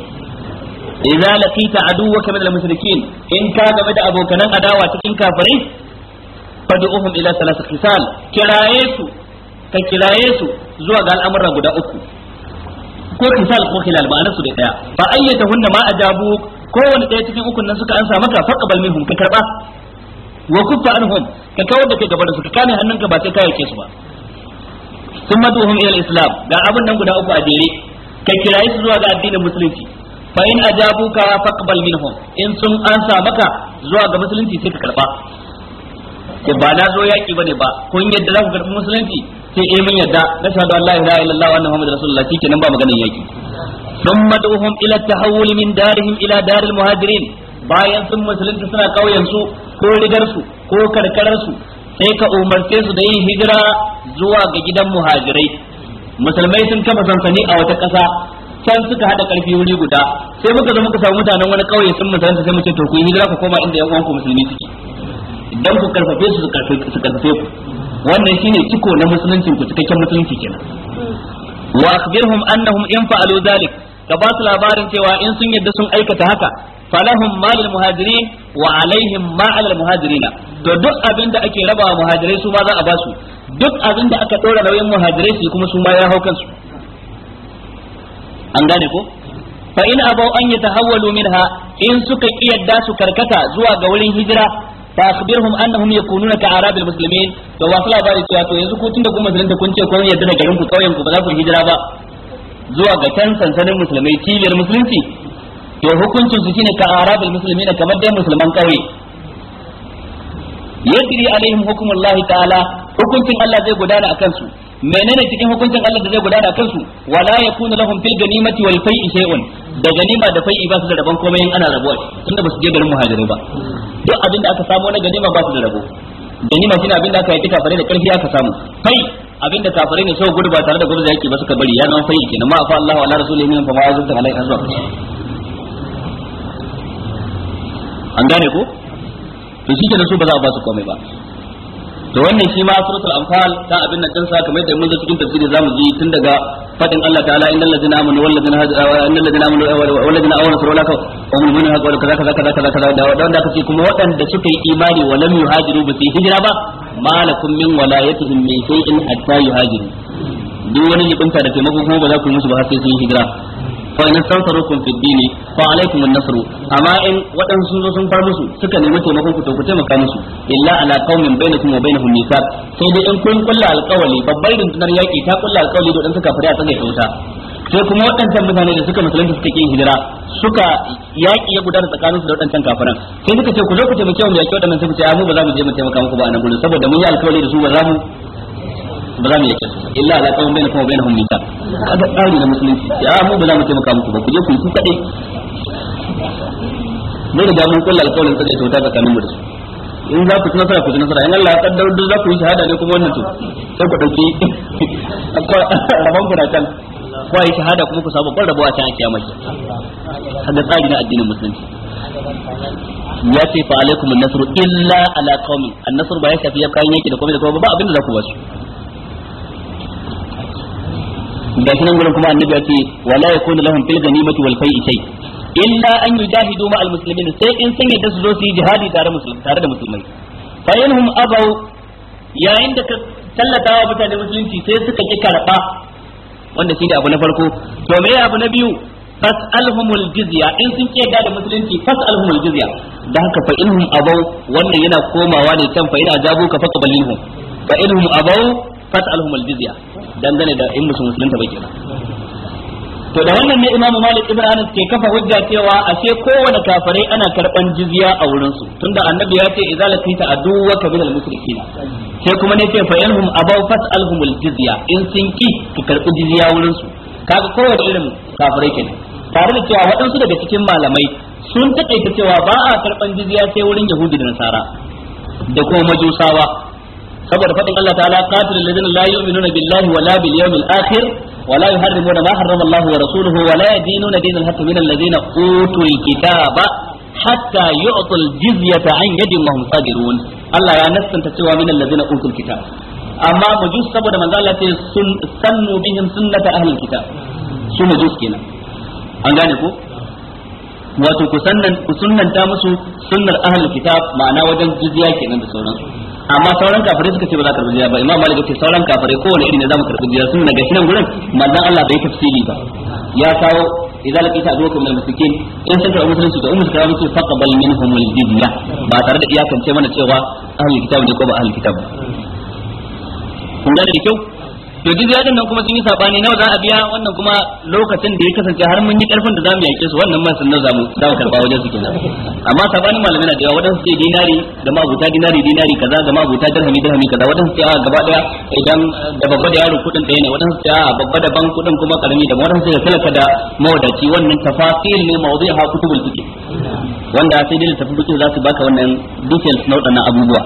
idza laqita aduwaka min al-mushrikeen in ka game da abokanan adawa cikin kafirai fad'uhum ila salati qital kiraye su ka kiraye su zuwa ga al'amuran guda uku ko kisal ko hilal ba su da daya fa ayyata hunna ma ajabu wani daya cikin ukun nan suka ansa maka faqbal minhum ka karba wa kuffa anhum ka kawar da kai gaba da su ka kame hannunka ba sai ka yake su ba sun maduhum ila islam ga abin nan guda uku a jere ka kiraye su zuwa ga addinin musulunci fa in ka faqbal minhum in sun ansa maka zuwa ga musulunci sai ka karba ko ba na zo yaki bane ba kun yadda za ku karbi musulunci ce eh mun yadda na shahadu an la ilaha illallah wa anna muhammadar rasulullah shikenan ba maganar yaki ثم ادعوهم الى التحول من دارهم bayan sun musulunta suna kauyen su ko rigar su ko karkarar su sai ka umarce su da yin hijira zuwa ga gidan muhajirai musulmai sun kafa sansani a wata kasa can suka hada karfi wuri guda sai muka zo muka samu mutanen wani kauye sun musulunta sai muke to ku hijira ku koma inda yan uwanku musulmi suke idan ku karfafe su su karfafe ku wannan shine ciko na musulunci ku cikakken musulunci kenan wa akhbirhum annahum in fa'alu zalik ka ba su labarin cewa in sun yadda sun aikata haka falahum malul muhajirin wa alaihim ma alal muhajirina to duk abin da ake rabawa muhajirai su ma za a ba su duk abin da aka dora nauyin muhajirai su kuma su ma ya hau kansu an gane ko fa in abau an yatahawwalu minha in suka kiyarda su karkata zuwa ga wurin hijira fa akhbirhum annahum yakununa ka arabil muslimin to wasu labari cewa to yanzu ku tunda ku musulunta kun ce kun yarda da garin ku kauyen ku ba za ku hijira ba zuwa ga sansanin musulmai cibiyar musulunci to hukuncin shi ne ka arabil muslimin kamar dai musulman kauye yadri alaihim hukmullahi ta'ala hukuncin Allah zai gudana akan su menene cikin hukuncin Allah da zai gudana akan su wala yakunu lahum fil ganimati wal fai'i shay'un da ganima da fai'i ba su da rabon komai in ana rabuwa tunda ba su je garin muhajirai ba duk abin da aka samu na ganima ba su da rabo ganima shine abin da aka yi kafare da karfi aka samu fai abin da kafare ne sau gurba tare da gwamnati yake ba suka bari ya zama fai kenan ma fa Allah wa la rasulihi min fa ma yazun alai azwa an gane ko to shi ke da su ba za a ba su komai ba Da wannan shi ma suratul anfal ta abin nan dinsa kamar da mun zo cikin tafsiri zamu ji tun daga fadin Allah ta'ala innal ladzina amanu wal ladzina hadu innal ladzina amanu wal ladzina amanu sura laka wa mun kaza kaza kaza kaza kaza da wanda kace kuma waɗanda suka yi imani wa lam yuhajiru bi hijra ba malakum min walayatihim min shay'in hatta yuhajiru duk wani jibinta da taimako kuma ba za ku yi musu ba sai sun hijira fa in tansarukum fi dini fa alaikum an-nasru amma in wadan sun zo sun far musu suka nemi taimakon ku to ku taimaka musu illa ala qaumin bainakum wa bainahum nisab sai dai in kun kulla alƙawali babbar rundunar yaki ta kulla alƙawali da suka fara a tsagaita wuta sai kuma waɗancan mutane da suka musulunta suka ƙin hijira suka yaƙi ya gudana tsakanin su da waɗancan kafiran sai suka ce ku zo ku taimake mu yaƙi waɗannan suka ce a mu ba za mu je mu taimaka muku ba a nan gurin saboda mun yi alƙawari da su ba za mu ba za mu yake illa ala kuma na musulunci ya mu ba ba ku je ku yi ku kadai mun mun kulla alƙawarin tsare kyauta tsakanin mu da in za ku ci nasara ku ci nasara in Allah ya kaddar duk za ku yi shahada ne kuma wannan to sai ku dauke rabon ku na can ko yi shahada kuma ku samu kwarrabo a can kiyama ki kaga tsari na addinin musulunci ya ce fa alaikum an illa ala ba ya shafi ya kayan yaki da komai da ba abinda za ku ba gashi nan gurin kuma annabi ya ce wala yakunu lahum fil ghanimati wal fai'i shay illa an yujahidu ma al muslimin sai in sun yadda su zo su yi jihadi tare musulmi tare da musulmai fa yanhum abaw yayin da ka tallata wa mutane musulunci sai suka ki karba wanda shi abu na farko to me abu na biyu fas'alhumul jizya in sun ki yadda da musulunci fas'alhumul jizya da haka fa inhum abaw wannan yana komawa ne can fa ina jabu ka faqbalinhum fa inhum abaw fata alhumul jizya dangane da in musu musulunta bai kenan to da wannan ne imamu malik ibn anas ke kafa hujja cewa ashe kowane kafare ana karban jizya a wurin su tunda annabi ya ce idza laqita aduwa ka bil musrikina sai kuma ne ce fa yanhum abaw fas'alhum alhumul jizya in sun ki ka karbi jizya wurin su kaga kowace irin kafare kenan tare da cewa waɗansu daga cikin malamai sun taƙaita cewa ba a karban jizya sai wurin yahudi da nasara da kuma majusawa saboda faɗin Allah ta'ala qatil alladhina la yu'minuna billahi wala bil yawmil akhir ولا يحرمون ما حرم الله ورسوله ولا يدينون دين الحق من الذين اوتوا hatta حتى jizyata الجزية عن wa وهم صاغرون الله يا نفس انت سوى من الذين اوتوا الكتاب اما مجوس سبب من قال سن سنوا بهم سنة اهل الكتاب su majus kenan an gane ko wato ku sunnan ta musu sunnar ahlul kitab ma'ana wajen jizya kenan da sauransu amma sauran kafirai suka ce ba za ka rubuta ba imam malik ce sauran kafirai kowane iri ne za mu karɓi jiya sun daga shinan gurin manzon Allah bai tafsiri ba ya kawo idza laqita adukum min al musulmi in sun karɓi musulunci da ummu karamu ce faqbal minhum al-jizya ba tare da iyakance mana cewa ahli kitab ne ko ba ahli kitab kun ga da kyau to duk ya nan kuma sun yi sabani nawa za a biya wannan kuma lokacin da ya kasance har mun yi karfin da zamu yake su wannan man sun na zamu za mu karba wajen su kenan amma sabani malamin da yawa wadansu ce dinari da ma buta dinari dinari kaza da ma mabuta dirhami dirhami kaza wadansu ce a gaba daya idan da babba da yaro kudin ɗaya ne wadansu ce a babba da ban kudin kuma karami da wadansu ce talaka da mawadaci wannan tafasil ne mawdu'i ha kutubul fiqh wanda sai dai littafin fiqh za su baka wannan details na wadannan abubuwa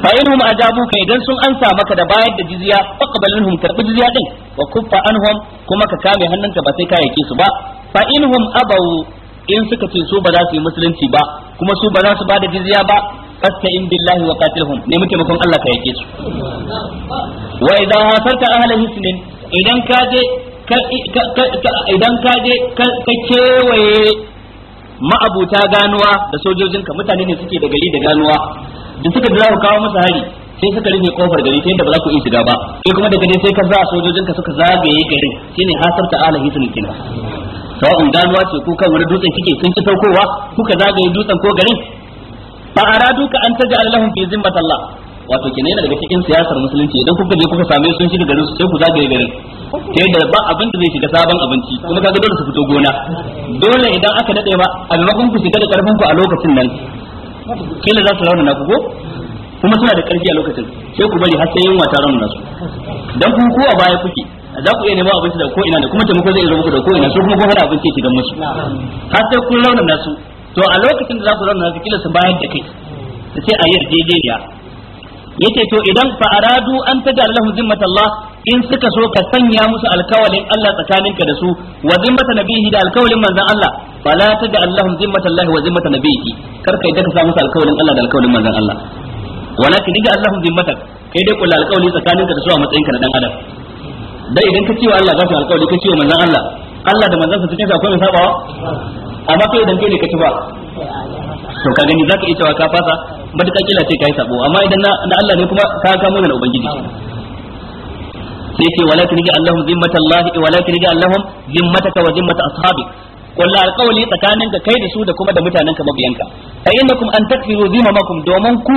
fa inhum ka idan sun ansa maka da bayar da jizya faqbal minhum karbi jizya din wa kuffa anhum kuma ka kame hannunka ba sai ka yake su ba fa inhum abaw in suka ce su ba za su yi musulunci ba kuma su ba za su ba da jizya ba fasta'in billahi wa qatilhum ne muke mukan Allah ka yake su wa idza hasarta ahla hisnin idan ka je idan ka je ka kewaye ma'abuta ganuwa da sojojinka mutane ne suke da gari da ganuwa da suka ji za ku kawo masa hari sai suka rufe kofar gari sai da ba za ku iya shiga ba sai kuma daga ne sai ka za sojojin ka suka zagaye garin hasar ta ala hisul kina in ganuwa ce ko kan wani dutsen kike sun ci saukowa kuka zagaye dutsen ko garin fa aradu ka an taj'al lahum fi zimmatillah wato kenan yana daga cikin siyasar musulunci idan kuka je kuka same sun shiga garin su sai ku zagaye garin sai da ba abin da zai shiga sabon abinci kuma kaga dole su fito gona dole idan aka dade ba a maimakon ku shiga da karfin ku a lokacin nan kila za su rauna ku ko kuma suna da karfi a lokacin sai ku bari har sai yunwa ta rauna su dan ku ko a baya kuke za ku iya neman abinci da ko ina da kuma taimako zai iya muku da ko ina su kuma ko hada abinci ki dan musu har sai kun rauna su to a lokacin da za ku rauna su kila su bayar da kai sai a yarjejeniya yake to idan fa aradu an tada lahu zimmatallah in suka so ka sanya musu alkawalin Allah tsakaninka da su wa zimmata nabihi da alkawalin manzon Allah fala tada allahum zimmata Allah wa zimmata nabihi kar kai da ka sa musu alkawalin Allah da alkawalin manzon Allah wala tadija allahum zimmatak kai dai kula alkawali tsakaninka da su a matsayinka na dan adam dai idan ka ce wa Allah za su alkawali ka ce cewa manzon Allah Allah da manzon sa cikin sa akwai sabawa amma kai idan kai ne ka ci ba to ka gani zaka iya cewa ka fasa kila ce kai sabo amma idan na Allah ne kuma ka ga mun na ubangiji sai ce wala tunji allahum zimmatallahi wala tunji allahum zimmataka wa zimmata ashabik kullu alqawli tsakaninka kai da su da kuma da mutanen ka mabiyanka fa innakum an takfiru zimmamakum domin ku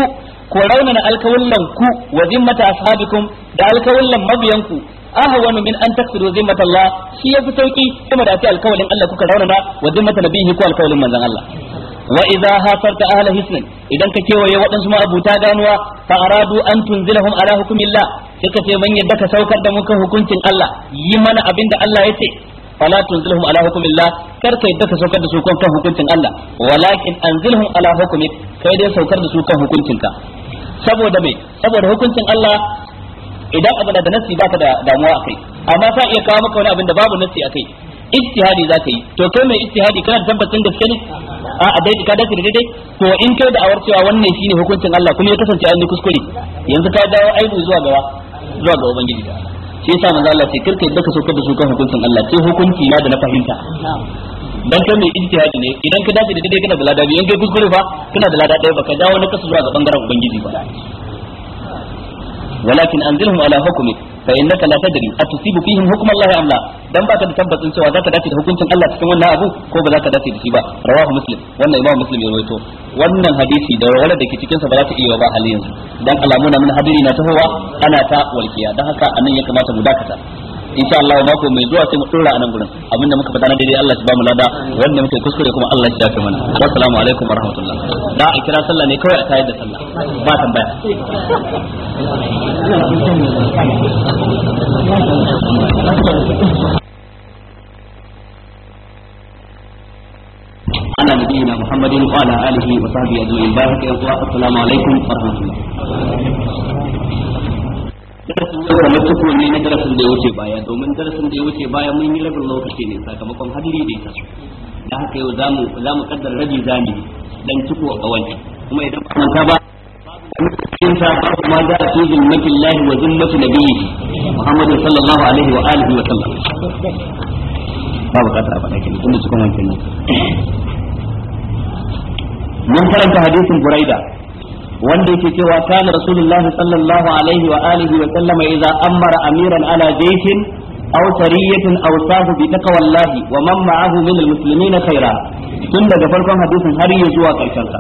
ko raunana alkawullan ku wa zimmata ashabikum da alkawullan mabiyanku ahwanu min an takfiru zimmatallah shi yafi sauki kuma da ta alkawalin Allah kuka raunana wa zimmata nabihi ko alkawalin manzon Allah wa idza hasarta ahla hisnin idan ka kewaye waɗansu ma'abuta ganuwa fa aradu an tunzilahum ala hukmillah suka ce man yadda ka saukar da mu kan hukuncin Allah yi mana abin da Allah ya ce fala tunzilhum ala hukumillah, kar ka yadda ka saukar da su kan hukuncin Allah walakin anzilhum ala hukmik kai dai saukar da su kan hukuncin ka. saboda me saboda hukuncin Allah idan abin da nasi baka da damuwa akai amma ta iya kawo maka wani abin da babu nasi akai ijtihadi ka yi to kai mai ijtihadi kana da tabbacin gaske ne a a dai ka dace daidai to in kai da awar cewa wannan shine hukuncin Allah kuma ya kasance an yi kuskure yanzu ka dawo aibu zuwa gaba zuwa ga ubangiji da shi yasa manzo Allah ce karka yadda ka saukar da su kan hukuncin Allah sai hukunci na da na fahimta dan kai mai ijtihadi ne idan ka dace da dai kana da ladabi biyu in kai kuskure fa kana da ladabi ɗaya baka dawo na kasu zuwa ga bangaren ubangiji ba walakin anzilhum ala hukmik fa innaka la tadri atusibu fihim hukm Allah am la dan da tabbacin cewa zaka dace da hukuncin Allah cikin wannan abu ko ba zaka dace da shi ba rawahu muslim wannan imamu muslim ya rawaito wannan hadisi da rawar da ke cikin ba za ta iya ba halin yanzu dan alamu na mun hadiri na ta tahowa ana ta walkiya dan haka anan ya kamata mu dakata insha Allah mako mai zuwa sai mu tura a nan gurin abinda muka fada na daidai Allah ya ba mu lada wanda muke kuskure kuma Allah ya shafe mana assalamu alaikum warahmatullahi da a kira sallah ne kawai a tayar da sallah ba tambaya على نبينا محمد وعلى اله وصحبه اجمعين بارك الله السلام عليكم ورحمه الله tarko ne na darasin da ya wuce baya domin darasin da ya wuce baya mun yi rabin lokaci ne sakamakon hadiri da ita da haka yau za mu za mu kaddara rabi dan ciko a kawai. kuma idan ba ta ba cikin sa ba kuma da fi zimmatillahi wa zimmatu nabiyyi muhammadin sallallahu alaihi wa alihi wa sallam ba kaddara ba dake kuma cikin wannan ne mun karanta hadisin buraida wanda yake cewa kana rasulullahi sallallahu alaihi wa alihi wa sallama idza amara amiran ala jaysin aw sariyatin aw sahu bi taqwallahi wa man ma'ahu min na khaira tun daga farkon hadisin har ya zuwa karshen sa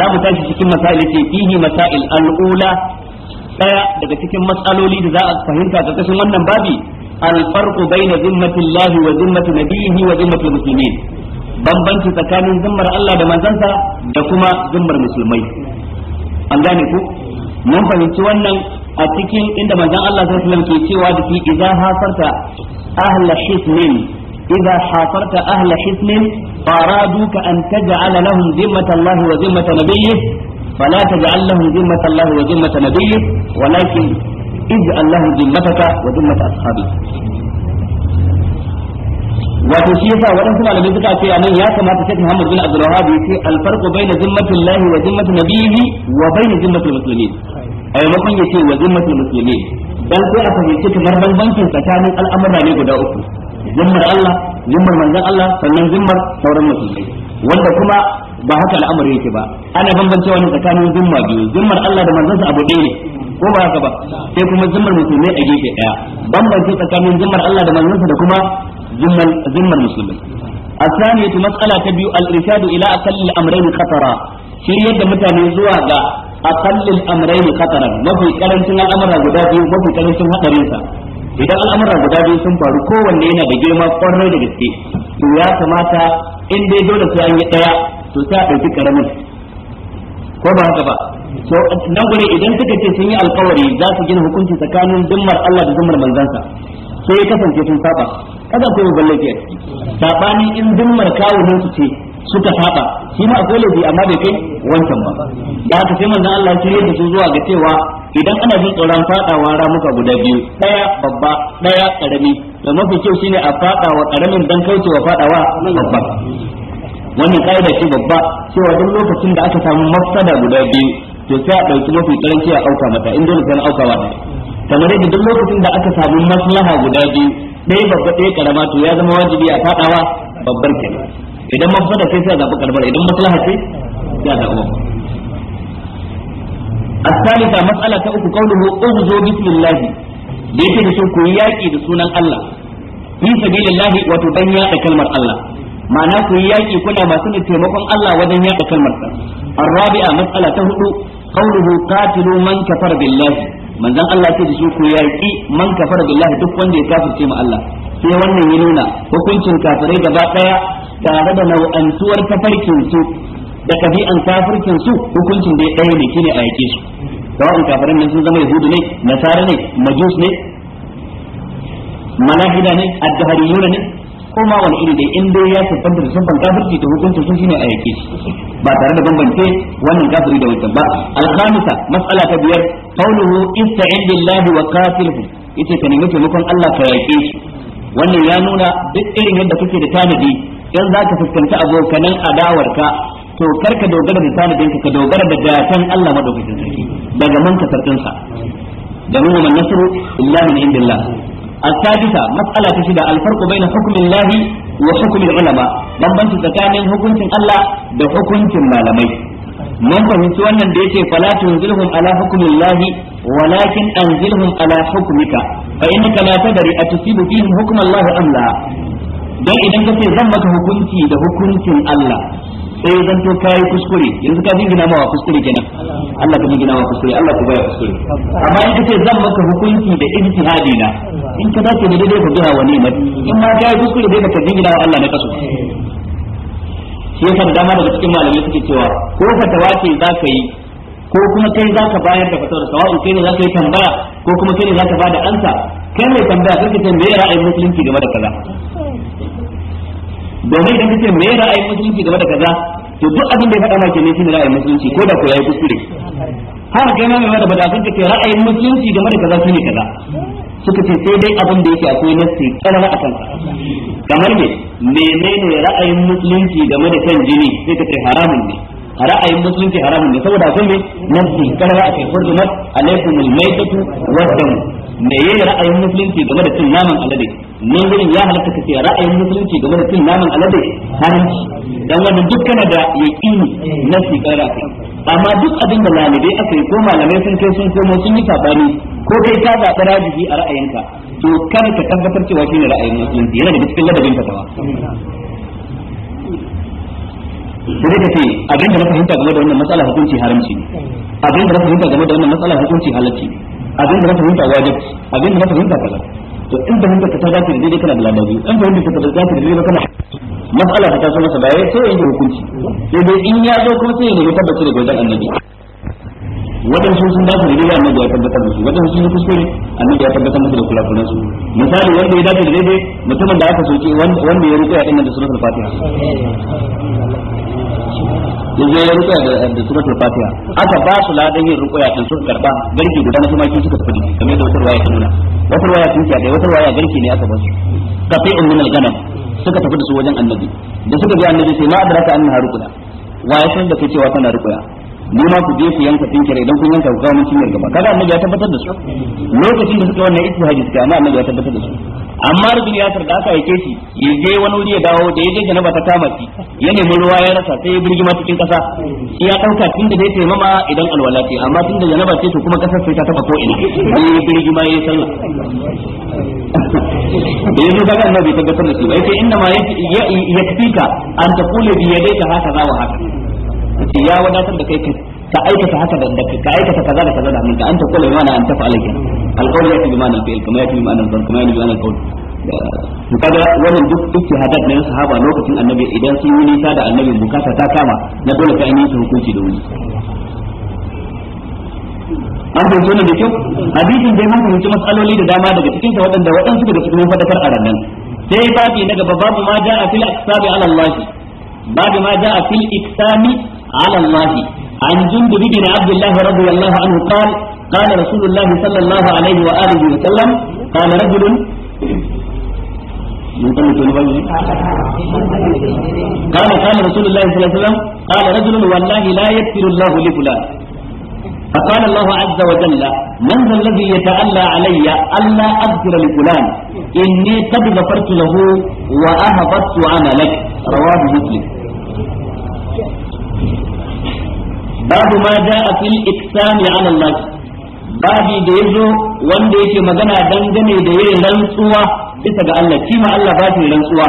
za mu tashi cikin masail ce fihi masail al-ula daya daga cikin matsaloli da za a fahimta ga kashin wannan babi al-farqu bayna zimmatillahi wa zimmati nabiyhi wa zimmati muslimin bambanci tsakanin zimmar Allah da manzansa da kuma zimmar musulmai an gane ku mun fahimci wannan a cikin inda manzon Allah sallallahu alaihi wasallam ke cewa da fi idza hasarta ahla hisnin idza hasarta ahla hisnin faraduka an taj'ala lahum zimmata Allah wa zimmata nabiyyi فلا تجعل لهم ذمة الله وذمة نبيه ولكن اجعل لهم ذمتك وذمة أصحابه wato shi yasa waɗansu malamai suka ce anan ya kamata Sheikh Muhammad bin Abdul Wahhab ya ce al-farqu baina zimmatillahi wa zimmati nabiyhi wa baina zimmatil muslimin ai makon ya ce wa zimmatil muslimin dan sai a fahimci kamar bambancin tsakanin al'amura ne guda uku zimmar Allah zimmar manzon Allah sannan zimmar sauran musulmai wanda kuma ba haka al'amari yake ba ana bambance wani tsakanin zimma biyu zimmar Allah da manzon sa abu ɗaya ne ko ba haka ba sai kuma zimmar musulmai a gefe daya bambance tsakanin zimmar Allah da manzon sa da kuma Zumar zimmar musulmi الثانية مسألة تبيو الإرشاد إلى أقل الأمرين خطرا شرية متاني زوا أقل الأمرين خطرا ما في كلمة الأمر guda biyu ما في كلمة sa, idan al'amuran guda biyu sun faru kowanne yana da girma kwarai da gaske to ya kamata in dai dole sai an yi daya to sai a ɗauki karamin ko ba haka ba to nan gure idan suka ce sun yi alkawari za su gina hukunci tsakanin zumar Allah da dimmar manzansa sai ya kasance sun saba kada ko babban balle a sabani in su ce suka saba shi ma akwai laifi amma bai kai wancan ba da haka sai manzon Allah ya da su zuwa ga cewa idan ana jin tsoron fadawa ramuka guda biyu daya babba daya karami da mafi kyau shine a fadawa karamin dan kaucewa fadawa babba wannan kaida ce babba cewa duk lokacin da aka samu mafsada guda biyu to sai a dauki mafi karanci a auka mata in dole sai an auka mata kamar yadda duk lokacin da aka samu maslaha guda biyu ɗaya babba ɗaya karama to ya zama wajibi a faɗawa babbar kenan idan mafsada sai sai zaɓi karamar idan maslaha sai ya zaɓi babbar الثالثة uku أخو قوله اغزوا بسم الله ليس ku yaƙi da sunan Allah fi sabilillah wato dan yaɗa kalmar Allah ma'ana ku yaƙi kuna masu da taimakon Allah wajen yaɗa kalmar sa arabi'a mas'ala ta hudu qawluhu qatilu man kafara billahi manzon Allah ce da shi ku yaki man kafara billahi duk wanda ya kafirce ma Allah sai wannan ya nuna hukuncin kafirai gaba daya tare da nau'antuwar tafarkin su da kabi'an kafirkin su hukuncin da ya ɗaya ne kine a yake su Kawai kafirin nan sun zama yahudu ne nasara ne majus ne malahida ne addahariyuna ne ko ma wani iri dai in dai ya tabbata da sunfan kafirci to hukuncin sun shine a yake shi ba tare da bambance wannan kafiri da wancan ba al-khamisa mas'ala ta biyar qawluhu ista'in billahi wa qatilhu yace ka nemi taimakon Allah ka yake shi wannan ya nuna duk irin yadda kuke da tanadi za zaka fuskanci abokanan adawarka to karka dogara da tanadinka ka dogara da datan Allah madaukakin sarki daga man kasartinsa da mu man nasru illa min indillah السادسة مسألة تشد الفرق بين حكم الله وحكم العلماء من بنت تكامل حكم الله بحكم مالمي من فهمت أن ديتي فلا تنزلهم على حكم الله ولكن أنزلهم على حكمك فإنك لا تدري أتصيب فيهم حكم الله أم لا dan idan kace zan maka hukunci da hukuncin Allah sai ya zanto kayi kuskure yanzu ka jingina mawa kuskure kenan Allah ka jingina mawa kuskure Allah ku baya kuskure amma in kace zan maka hukunci da ijtihadi na in ka dace da daidai ka jira wani mai in ma kai kuskure dai ka jingina wa Allah na kasu shi yasa da dama daga cikin malamai suke cewa ko fatawa ce za ka yi ko kuma kai za ka bayar da fatawar sawa'un kai ne za ka yi tambaya ko kuma kai ne za ka bada ansa kai mai tambaya ka tambaye ra'ayin musulunci game da kaza domin idan kace me ra'ayin musulunci game da kaza to duk abin da ya faɗa maka ne shine ra'ayin musulunci ko da ko yayi kuskure har kai ma ne da bada sun ce ra'ayin musulunci game da kaza shine kaza suka ce sai dai abin da yake akwai nasi karara a kansa kamar me menene ra'ayin musulunci game da kan jini sai ka ce haramun ne ra'ayin musulunci haramun ne saboda akwai me nasi karara a kai furdumat alaikumul maitatu wa damu me yi ra'ayin musulunci game da cin naman alade nan gurin ya halatta kace ra'ayin musulunci game da cin naman alade haramci dan wanda duk kana da yaqini na sigara kai amma duk abin da malamai aka yi ko malamai sun kai sun komo sun yi sabani ko kai ka zaɓi rajihi a ra'ayinka to kar ka tabbatar cewa shine ra'ayin musulunci yana da cikin ladabin fatawa sai ka ce abin da na fahimta game da wannan matsala hukunci haramci ne abin da na fahimta game da wannan matsala hukunci halacci ne abin da na fahimta wajib da na fahimta kaza to in fahimta ka ta dace da daidai kana da ladabi in fahimta ka ta dace da daidai kana mas'ala ta taso masa baya sai ya yi hukunci sai dai in ya zo kuma sai ya nemi tabbaci daga wajen annabi waɗansu sun dace da daidai annabi ya tabbatar musu waɗansu sun kuskure annabi ya tabbatar musu da kula su misali wanda ya dace da daidai mutumin da aka soke wanda ya rike ya dinga da suratul fatiha ya je ya rukuya da suratul fatiha aka ba su ladan yin rukuya din sun karba garki guda na kin suka tafi kamar da wata waya ta nuna wata ruwaya sun ce wata waya garki ne aka ba su kafi'un min al-ganam suka tafi da su wajen annabi da suka ga annabi sai ma adraka annaha rukuya waya san da kai cewa na rukuya mu ma ku je ku yanka tinkira idan kun yanka ku kawo mun cinyar gaba kaga annabi ya tabbatar da su lokacin da suka wannan ijtihadi suka amma annabi ya tabbatar da su amma rubin ya tarda aka yake shi ya je wani wuri ya dawo da ya je janaba ta kama shi ya nemi ruwa ya rasa sai ya ma cikin kasa shi ya dauka tun da zai taimama idan alwala ce amma tun da janaba ce to kuma kasar sai ta taba ko ina sai ya ma ya sallah da yanzu kaga annabi tabbatar da shi ba yace inna ma yakfika an taqulu bi yadayka hakaza wa hakaza ya wadatar da kai ka aikata haka da ka aikata kaza da kaza da ka anta kullu bimana an tafa alayka alqawl ya bi al-fi'l kama ya bi al-qawl kama ya bi al-qawl to kaga wannan duk duk hadat na sahaba lokacin annabi idan sun yi nisa da annabi bukata ta kama na dole ka yi hukunci da wuri an bai sunan da kyau hadisin dai mun fahimci matsaloli da dama daga cikin ta waɗanda waɗansu daga cikin fadakar a nan sai babi na gaba babu ma ja'a fil aqsabi ala Allah babu ma ja'a fil iktami على الله عن جندب بن عبد الله رضي الله عنه قال قال رسول الله صلى الله عليه وآله وسلم قال رجل قال قال رسول الله صلى الله عليه وسلم قال رجل والله لا يكفر الله لفلان فقال الله عز وجل من ذا الذي يتألى علي ألا أغفر لفلان إني قد غفرت له وأهبطت عملك رواه مسلم babu ma da a fil iksami ala Allah Babu da yazo wanda yake magana dangane da yin rantsuwa bisa ga Allah kima Allah ba shi rantsuwa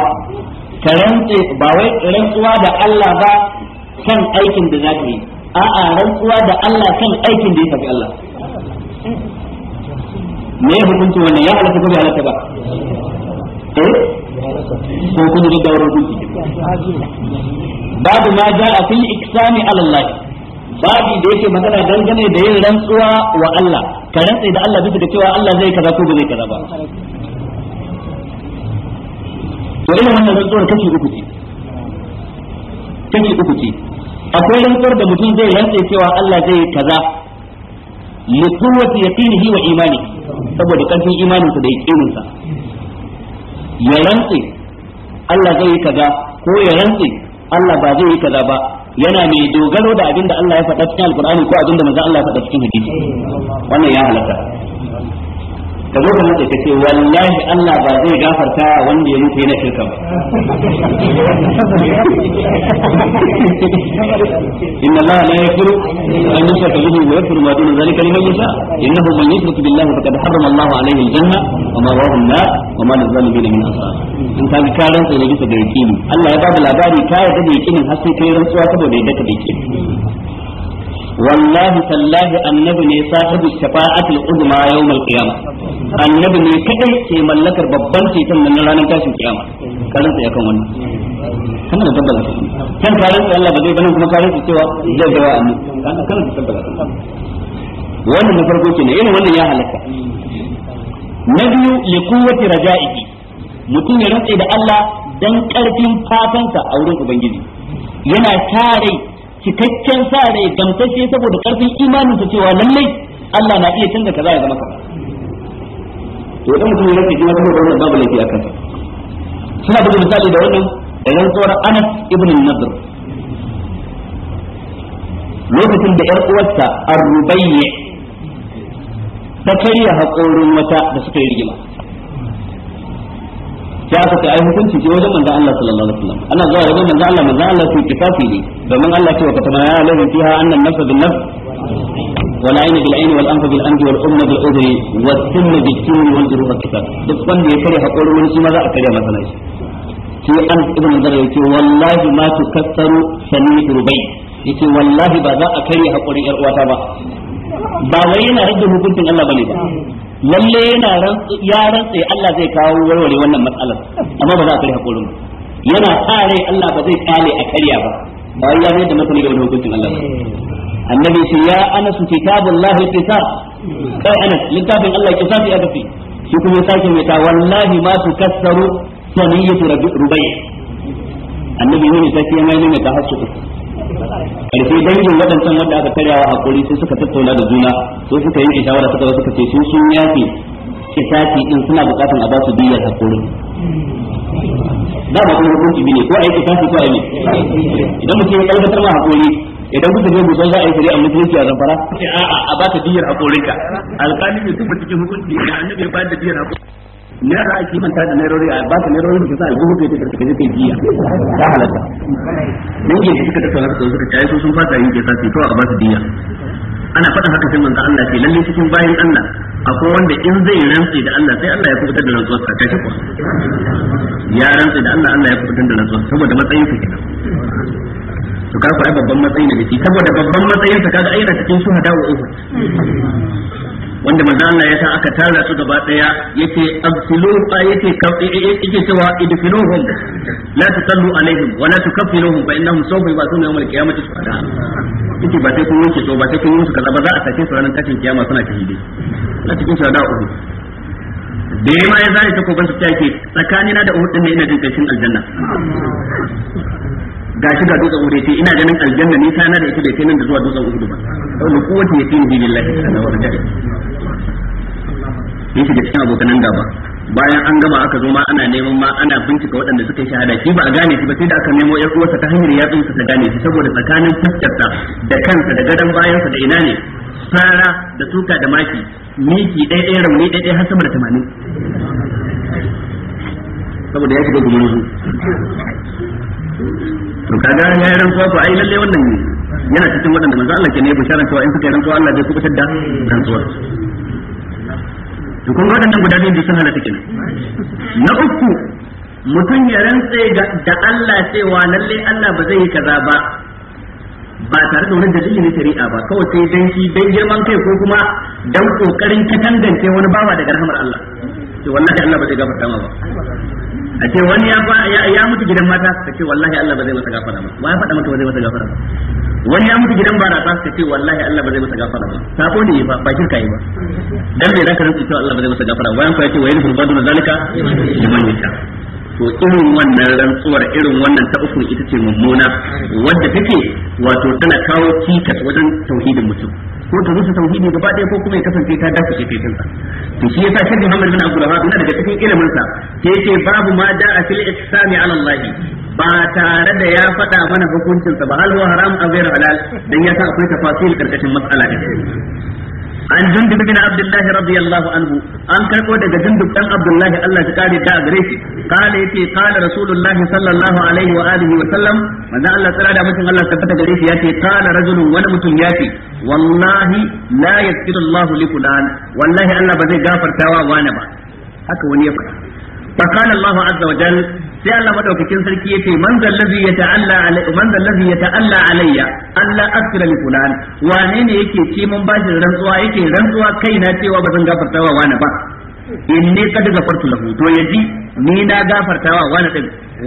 ka rantse ba wai rantsuwa da Allah ba kan aikin da zaka yi a'a rantsuwa da Allah kan aikin da ya tafi Allah me ya hukunci wannan ya halatta ko bai halatta ba eh? ko kun ji dawo wurin babu ma da a fil iksami ala Allah babi da yake magana dangane da yin rantsuwa wa Allah ka rantsa da Allah bisa da cewa Allah zai kaza ko ba zai kaza ba to ina wannan rantsuwar kashi uku ce kashi uku ce akwai rantsuwar da mutum zai rantsa cewa Allah zai kaza li quwwati yaqinihi wa imani saboda karfin imaninsa da yaqininsa ya rantsa Allah zai yi kaza ko ya rantsa Allah ba zai yi kaza ba yana mai dogaro da abin da Allah ya faɗa cikin alkur'ani ko abin da manzon Allah ya faɗa cikin hadisi wannan ya halatta ka zo ka matsa ce wallahi Allah ba zai gafarta wanda ya mutu yana shirka ba inna Allah la yaghfiru an yushraka bihi wa yaghfiru ma duna zalika liman yasha innahu man yushrik billahi faqad harrama Allah alayhi al-janna wa ma wa hum wa ma lizalimin min asar in ka ka sai ne bisa da yaqini Allah ya ba da labari ka yadda da yaqinin har sai kai rantsuwa saboda yadda ka da wallahi tallahi annabi ne sahibu shafa'atul uzma yawmal qiyamah annabi ne kadai ke mallakar babban ceton nan ranar tashin kiyama karanta ya kan wannan kana da tabbata kan karanta Allah ba zai bana kuma karanta cewa zai dawa annabi kana kana da tabbata wannan na farko kenan irin wannan ya halaka na biyu li mutum ya rantsa da Allah dan karfin fatansa a wurin ubangiji yana sa cikakken sa rai gamsashe saboda karfin imanin sa cewa lallai Allah na iya canza kaza ya zama kaza to idan mutum ya rage jima saboda wannan babu laifi a kansa suna da misali da wannan da tsoron Anas ibn Nadr lokacin da yar uwarsa ar ta karya haƙorin wata da suka yi rigima sai aka ce ai hukunci ce wajen manzon Allah sallallahu alaihi wasallam ana zuwa wajen manzon Allah manzon Allah sai kifafi ne domin Allah ce wa katama ya lahu fiha annan nafsa bin nafs wal ayn bil ayn wal anf bil anf wal umma bil udri was sunna bil sunni wal juruha kitab duk wanda ya kare hakuri wani shi ma za a kare masa ne shi an ibn zar yake wallahi ma tukassaru sani rubai yace wallahi ba za a kare hakuri yar uwata ba ba wai yana rage hukuncin Allah bane ba lalle yana ya rantse Allah zai kawo warware wannan matsalar amma ba za a kare hakorin yana kare Allah ba zai kale a karya ba ba ya mai da masani game da hukuncin Allah annabi ce ya anas kitabullah qisas kai anas littafin Allah qisas ya kafi shi kuma ya sake mai ta wallahi ma tukassaru saniyatu rubai annabi ne sai ya mai mai ta hasu karfe dangin waɗancan wanda aka karyawa hakuri sai suka tattauna da juna sun suka yi shawara suka suka ce sun sun yafe kisaki in suna bukatan a basu su biyar hakuri dama kuma hukunci ne ko a yi kisaki ko a yi idan mutum ya kalbatar ma hakuri idan kuka zai busan za a yi shari'a musulunci a zamfara a a ba ta biyar hakurinka alƙalin ya tabbata cikin hukunci da annabi ya bayar da biyar hakurinka me yasa ake manta da nairori a ba ka nairori da kisa aljihu kai take take take jiya ta halatta mun da suka ta tsara su suka tayi su sun fata yin kisa sai to a ba su diya ana faɗin haka sai manzo Allah ce lalle cikin bayin Allah akwai wanda in zai rantsi da Allah sai Allah ya kubutar da rantsuwar sa kashi kuwa ya rantsi da Allah Allah ya kubutar da rantsuwar saboda matsayin sa kenan to ka ku ai babban matsayi ne da shi saboda babban matsayin sa kaga ai na cikin shuhada wa uhud wanda manzo Allah ya sa aka tara su gaba daya yace fa yake yake cewa idfinuhum la tusallu alaihim wa la tukaffinuhum fa innahum sawfa yub'athuna yawm al-qiyamati shuhada yake ba sai kun yi so ba sai kun su kaza ba za a sake su ranar tashin kiyama suna shahidai na cikin shahada uku da ya ma ya ta kogon su take tsakanina da uhud din ne ina jin kashin aljanna shi ga dutsen uhud yace ina ganin aljanna ni sana da ita da ita nan da zuwa dutsen uhud ba wanda kowace yake ni billahi ta'ala wa rajai yin da cikin nan gaba bayan an gama aka zo ma ana neman ma ana bincika waɗanda suka shahada shi ba a gane shi ba sai da aka nemo yar uwarsa ta hanyar ya tsinsa ta gane shi saboda tsakanin fuskarsa da kansa da gadon bayansa da ina ne sara da tuka da maki miki ɗaya ɗaya rauni ɗaya ɗaya har sama da tamanin saboda ya shiga gumurzu to kaga ya yi rantsuwa to ai lalle wannan ne yana cikin waɗanda manzo Allah ke ne bisharan cewa in suka yi rantsuwa Allah zai kubutar da rantsuwar to kun ga waɗannan guda biyu sun halatta kenan na uku mutum ya rantse da Allah cewa lalle Allah ba zai yi kaza ba ba tare da wani dalili na shari'a ba kawai sai dan shi dan girman kai ko kuma dan kokarin katangance wani bawa daga rahmar Allah to wallahi Allah ba zai gafarta ma ba a ce wani ya ya mutu gidan mata ka ce wallahi Allah ba zai masa gafara ba wai faɗa maka ba zai masa gafara ba wani ya mutu gidan mata ka ce wallahi Allah ba zai masa gafara ba sabo ne ba bakin kirka yi ba dan me zaka rubuta Allah ba zai masa gafara wai an ko yace wa yanfur badu zalika liman yasha to irin wannan rantsuwar irin wannan ta uku ita ce mummuna wadda take wato tana kawo cikas wajen tauhidin mutum ko ta rusa tauhidi gaba ɗaya ko kuma ya kasance ta dafa ce fetin sa to shi yasa shi Muhammad bin Abdul Wahhab yana daga cikin ilimin sa yake babu ma da'a fil ihsani ala Allah ba tare da ya faɗa mana hukuncin sa ba hal haram a ghayr halal dan ya san akwai tafasil karkashin mas'ala din an jundub bin abdullahi radiyallahu anhu an karbo daga jundub dan abdullahi Allah ya kare ta gare shi kana yace kana rasulullah sallallahu alaihi wa alihi wa sallam manzo Allah tsara da mutum Allah tabbata gare shi yace kana rajulun wani mutum yace wallahi la yaghfiru Allah li fulan wallahi Allah ba zai gafartawa wani ba haka wani ya faɗa فقال الله عز وجل wa الله sai Allah madaukakin sarki yace man zal ladhi yata'alla alayya man zal ladhi yata'alla alayya Allah لفلان li fulan wane ne yake ce mun bashi rantsuwa yake rantsuwa kaina cewa وانا با gafarta قد غفرت له تو يجي kada gafartu lahu وانا yaji ni عملك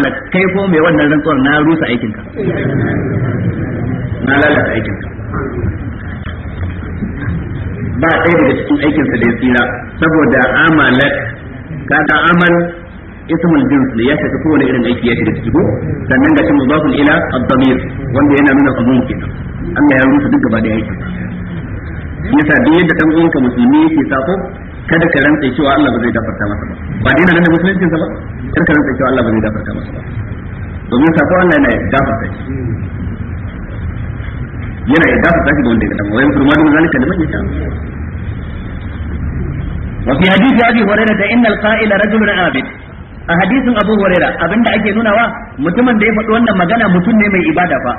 gafarta wa mai wannan rantsuwar ba ɗaya daga cikin aikinsa da ya tsira saboda amalak kaga amal ismul jins ne ya tafi kowane irin aiki ya shiga ciki sannan ga shi mudafun ila ad-damir wanda yana nuna umum kenan Allah ya rusa duk gaba da yake yasa da yadda dan uwanka musulmi yake sako kada ka rantsa cewa Allah ba zai gafarta masa ba ba dai nan da musulunci ba kada ka rantsa cewa Allah ba zai gafarta masa ba domin sako Allah yana gafarta shi yana gafarta shi ga wanda ya ga dama wayan kurma da zalika da man yasha وفي حديث أبي هريرة إن القائل رجل عابد a hadisin Abu Huraira abinda ake nunawa mutumin da ya faɗi wannan magana mutum ne mai ibada fa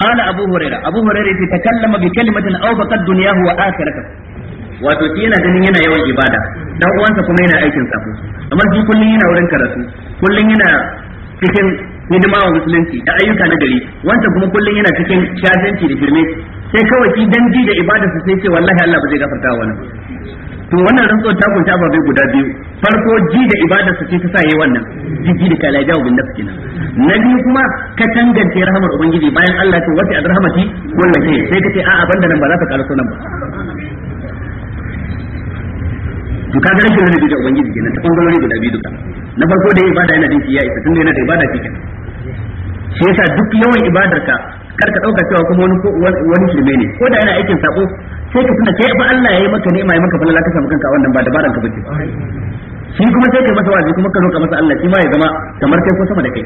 qala Abu Huraira Abu Huraira yace takallama bi kalimatin aw faqad dunyahu wa akhiratuhu wato shi yana ganin yana yawan ibada dan uwansa kuma yana aikin sa Kamar duk kullun yana wurin karatu kullun yana cikin hidima wa musulunci da ayyuka na gari wanda kuma kullun yana cikin shafanci da firme sai kawai shi dan ji da ibadarsa sai ce wallahi Allah ba zai gafarta wannan to wannan rantsuwar ta kunta bai guda biyu farko ji da ibadarsa su ce ta sa yayi wannan jiji da kalaja jawo bin nafsi na na biyu kuma ka tangance rahmar ubangiji bayan Allah ce wasi arhamati wannan ce sai ka ce a a banda nan ba za ka karaso nan ba to ka ga rashin rubuta da ubangiji kenan ta bangarori guda biyu duka na farko da ibada yana jin ya isa tunda yana da ibada kike shi yasa duk yawan ibadarka kar ka dauka cewa kuma wani wani shirme ne ko da yana aikin sako sai ka tuna kai ba Allah yayi maka ni'ima yayi maka falala ka samu kanka wannan ba dabaran ka bace shi kuma sai kai masa wazi kuma ka roka masa Allah shi ma ya zama kamar kai ko sama da kai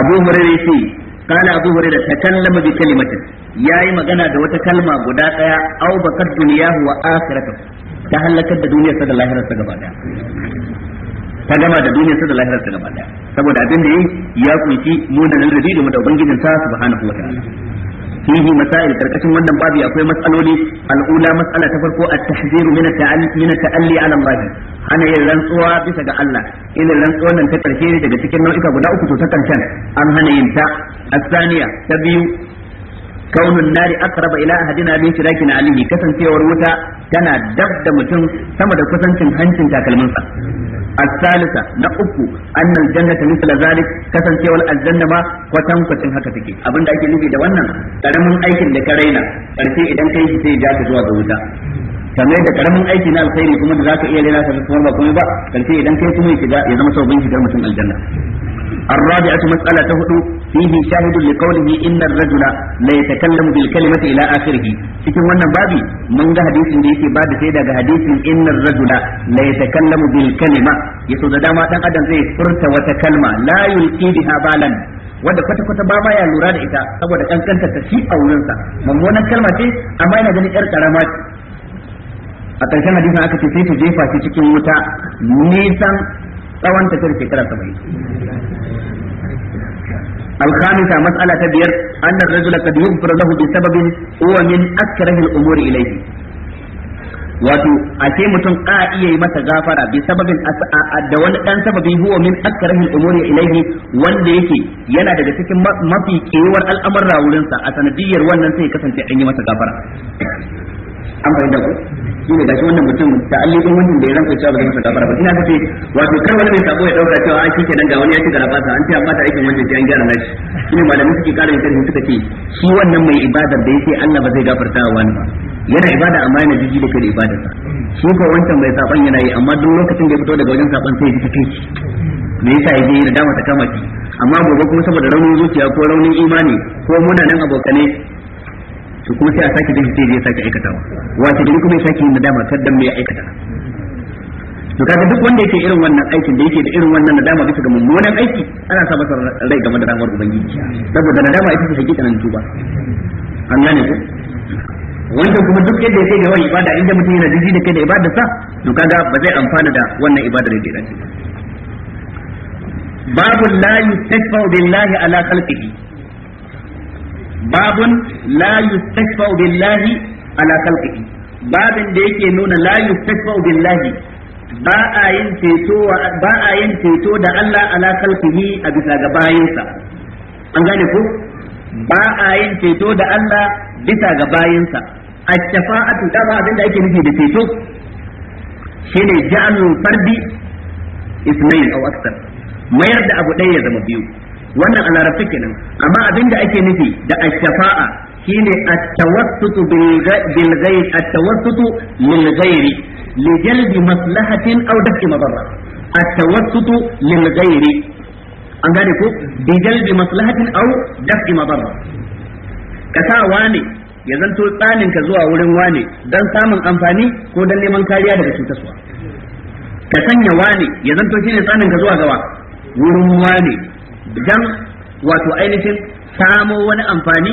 Abu Hurairah yace قال أبو هريرة تكلم بكلمة ياي مغنى دوتا كلمة قداء أو بكت دنياه وآخرته ta halakar da duniyar sa da lahirar sa gaba daya ta gama da duniyarsa da ta gaba daya saboda abin da yi ya kunshi munanan rabi game da ubangijin sa subhanahu wa ta'ala fihi masail karkashin wannan babu akwai matsaloli al'ula mas'ala ta farko at-tahziru min at-ta'alli min at-ta'alli 'ala Allah hana yin rantsuwa bisa ga Allah irin rantsuwar nan ta karshe daga cikin nau'ika guda uku to ta karshen an hana yin ta as-saniya ta biyu kaunun nari aqraba ila ahadina min shirakin alihi kasancewar wuta tana daf da mutum sama da kusancin hancin takalminsa الثالثة نقف أن الجنة مثل ذلك كسن سوى الجنة ما وتم كتن هكا تكي أبن دايك نفي دوانا ترمون أيك لكرينا فرسي إذن كي سي جاك زوا دوتا kamar da karamin aiki na alkhairi kuma da zaka iya lena ka kuma ba kuma ba karshe idan kai kuma ya zama sau bin shigar mutum aljanna الرابعة مسألة هدو فيه شاهد لقوله إن الرجل لا يتكلم بالكلمة ila آخره cikin wannan babi mun ga hadisin da yake bada sai daga hadisin innar rajula la yatakallamu bil kalima yaso da dama dan adam zai furta wata kalma la yulqi biha balan wanda kwata kwata ba ma ya lura da ita saboda kankanta ta shi a wurinsa mummunan kalma ce amma yana ganin yar karama a ƙarshen hadisin aka ce sai ta zai shi cikin wuta nisan tsawon tafiyar shekara saba'in الخامسة مسألة كبير أن الرجل قد يغفر له بسبب هو من أكره الأمور إليه wato a ce mutum ka iya yi masa gafara bi sababin da wani dan sababi huwa min akrahil umuri ilayhi wanda yake yana daga cikin mafi kewar al'amarra rawurinsa a sanadiyar wannan sai kasance an yi masa gafara an fahimta ku shi ne gashi wannan da allibin wannan da ya cewa ba zai ba ina ce wato kar wani mai sabo ya a shi wani an ce amma da aikin wannan gyara nashi shi ne malamin ce shi wannan mai ibadar da yake Allah ba zai gafarta wa wani ba yana ibada amma yana jiji da kai shi ko yana yi amma duk lokacin ya fito daga wajen saban sai kai me yasa ya da dama ta kama amma gobe kuma saboda raunin zuciya ko raunin imani ko munanan abokanai to kuma sai a sake jin sai ya sake aikatawa wace gari kuma ya sake yin nadama kar me ya aikata to kaga duk wanda yake irin wannan aikin da yake da irin wannan nadama bisa ga mummunan aiki ana sa masa rai game da ramar ubangiji saboda nadama ita ce hakikanin tuba an gane ko wanda kuma duk yadda ya kai ga wani ibada inda mutum yana jiji da kai da ibada sa to kaga ba zai amfana da wannan ibada da ya dace babu la yustashfa'u billahi ala khalqihi babun la yustashfa billahi ala khalqihi babin da yake nuna la yustashfa billahi ba a yin ceto ba a yin ceto da Allah ala khalqihi a bisa ga bayinsa an gane ku? ba a yin ceto da Allah bisa ga bayinsa ash-shafa'atu da ba abin da ake nufi da ceto shine ja'alul fardi ismail aw akthar mayar da abu ɗaya ya zama biyu wannan a larabci kenan amma abin da ake nufi da ashafa'a shine at-tawassutu bil ghayr at-tawassutu lil ghayr li jalbi maslahatin aw daf'i madarra at-tawassutu lil ghayr an gane ko bi jalbi maslahatin aw daf'i madarra kasawa wani ya zanto tsanin ka zuwa wurin wane don samun amfani ko don neman kariya daga cutarwa ka sanya wane ya zanto shine tsanin ka zuwa gawa wurin wane dan wato ainihin samo wani amfani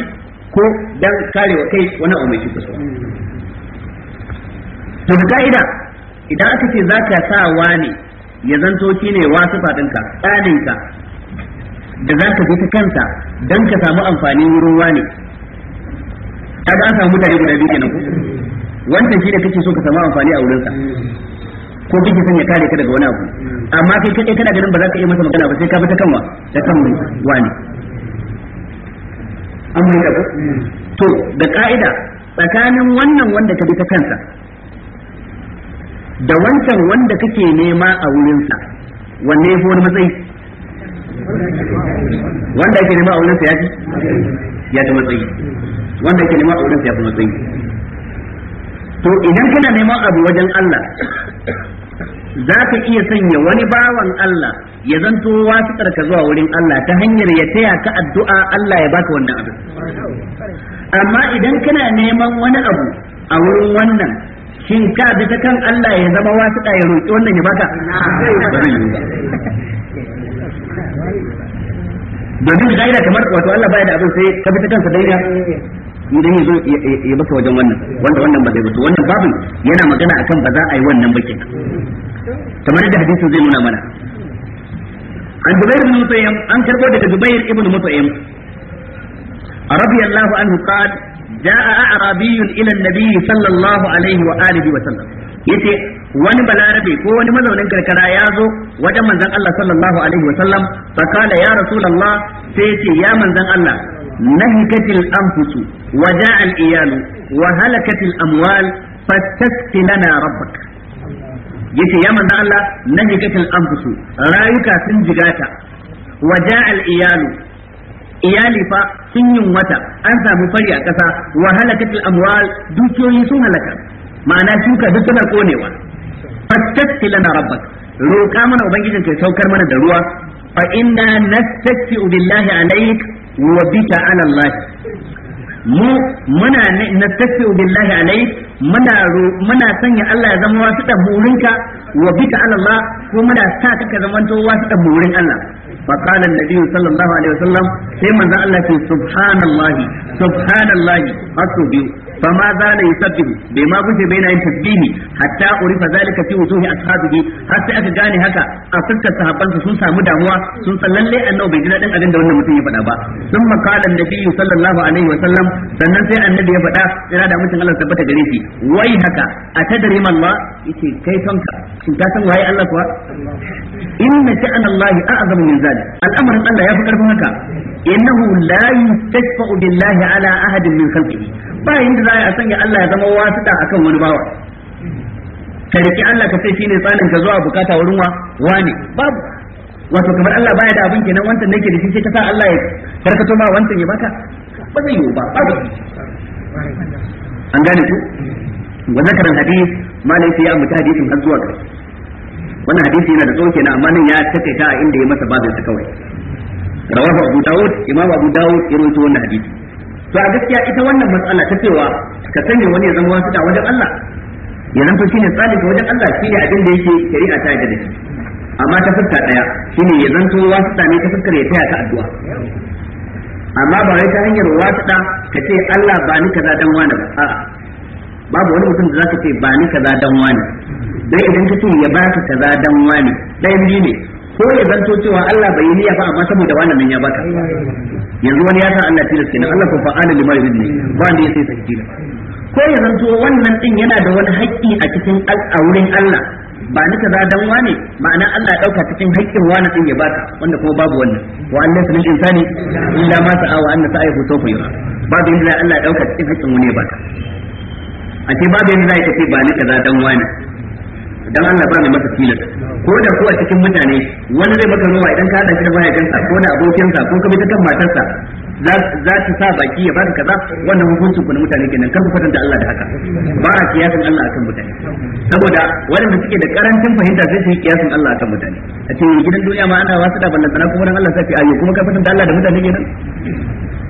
ko dan karewa kai wani abu mai to da ka'ida idan aka ce zaka sa wani ya zanto shine wasifa ɗinka tsaninka da zaka bi ta kanta dan ka samu amfani wurin wani kaga an samu mutane guda biyu kenan ko wannan shi da kake so ka samu amfani a wurinsa ko kike son ya kare ka daga wani abu amma kai kai kana ganin ba za ka iya masa magana ba sai ka bi ta kanwa da kan wani amma da ku. to da ka'ida tsakanin wannan wanda ka bi ta kansa da wancan wanda kake nema a wurinsa wanne ya fi wani matsayi wanda ake nema a wurinsa ya fi ya fi matsayi wanda ake nema a wurinsa ya fi matsayi to idan kana neman abu wajen Allah za ka iya sanya wani bawan Allah ya zanto wasiƙar ka zuwa wurin Allah ta hanyar ya taya ka addu'a Allah ya baka wannan abin amma idan kana neman wani abu a wurin wannan shin ka bi ta kan Allah ya zama wasiƙa ya roƙi wannan ya baka domin gaira kamar wato Allah baya da abin sai ka bi ta kansa daida idan ya zo ya baka wajen wannan wanda wannan ba zai ba wannan babin yana magana akan ba za a yi wannan ba kenan kamar da hadisin zai nuna mana an Zubair ibn Mutayyim an karbo daga Zubair ibn Mutayyim radiyallahu anhu qala جاء أعرابي إلى النبي صلى الله عليه وآله وسلم yace wani balarabe ko wani mazaunin karkara ya zo wajen manzon Allah sallallahu alaihi wa sallam fa kana ya rasulullah sai yace ya manzon Allah nahikatil anfusu wa ja'a al iyalu wa halakatil amwal fastasqi lana rabbaka yace ya manzo Allah na jikatin anfusu rayuka sun jigata wa ja'al iyalu iyali fa sun yin wata an samu fari a ƙasa wa halakatul amwal dukiyoyi sun halaka ma'ana shuka duk tana konewa fastaghfir lana rabbak roka mana ubangijin ka saukar mana da ruwa fa inna nastaghfiru billahi alayk wa bika ala allah mu muna na tafiyu billahi alai muna muna sanya Allah ya zama wasu dabburinka wa bika ala Allah ko muna sa ka zamanto wasu dabburin Allah fa qala an-nabi sallallahu alaihi wasallam sai manzo Allah ce subhanallahi subhanallahi hasu biyu فما زال يسبح بما بوجه بين yin tasbihi hatta urifa zalika fi wujuhi ashabihi har sai aka gane haka a fuskar sahabban sun samu damuwa sun san lalle annabi bai ji dadin abin da wannan mutum ya faɗa ba sun makala annabi sallallahu alaihi wa sallam sannan sai annabi ya faɗa yana da mutum Allah tabbata gare shi wai haka a man ma yace kai kanka shin ka san waye Allah kuwa inna sha'an Allah a'zamu min zalik al'amarin Allah ya fi karfin haka innahu la yustashfa'u billahi ala ahadin min khalqihi ba inda za a sanya Allah ya zama wasuta akan wani bawa ka riki Allah ka sai shine tsanin ka zuwa bukata wurin wa ne? babu wato kamar Allah baya da abin kenan wancan nake da shi sai ka sa Allah ya karkato ma wancan ya baka ba zai yiwu ba babu an gane ku wa zakaran hadith malai sai ya mutu hadisin har zuwa kai wannan hadisi yana da tsawo kenan amma nan ya takaita a inda ya masa babin sa kawai rawahu abu daud imam abu daud ya rawaito wannan hadisi to a gaskiya ita wannan matsala ta cewa ka sanya wani ya zama wasu da wajen Allah ya shi ne tsalin wajen Allah shi ne abin da yake shari'a ta yadda da shi amma ta fuska daya ne ya zanto wasu ne ta fuskar ya taya ta addu'a amma ba wai ta hanyar wasu da ka ce Allah ba ni kaza dan wani ba a'a babu wani mutum da zaka ce ba ni kaza dan wani dai idan ka ce ya baka kaza dan wani dai biyu ne ko ya zanto cewa Allah bai niyya ba amma saboda wannan ya baka yanzu wani ya san Allah tilas kenan Allah ko fa'ala lima yuridni ba ne sai sai tilas ko ya zanto wannan din yana da wani haƙƙi a cikin al'aurin Allah ba ni kaza dan wane ma'ana Allah ya dauka cikin haƙƙin wani din ya baka wanda kuma babu wannan wa Allah sunan insani illa ma sa'a wa anna sa'ahu sawfa yura babu inda Allah ya dauka cikin haƙƙin wani ya baka a ce babu yanda za ka ce ba ni kaza dan wane dan Allah ba ne masa tilas ko da ko a cikin mutane wani zai maka ruwa idan ka hada shi da mahaifinsa ko da abokinsa ko ka bi ta kan matarsa za ta sa baki ya baka kaza wannan hukuncin ku na mutane kenan kar ku kwatanta Allah da haka ba a kiyasin Allah akan mutane saboda waɗanda suke da karancin fahimta sai su yi kiyasin Allah akan mutane a cikin gidan duniya ma ana wasu da ballan sana kuma dan Allah sai ayyuka kuma ka kwatanta Allah da mutane kenan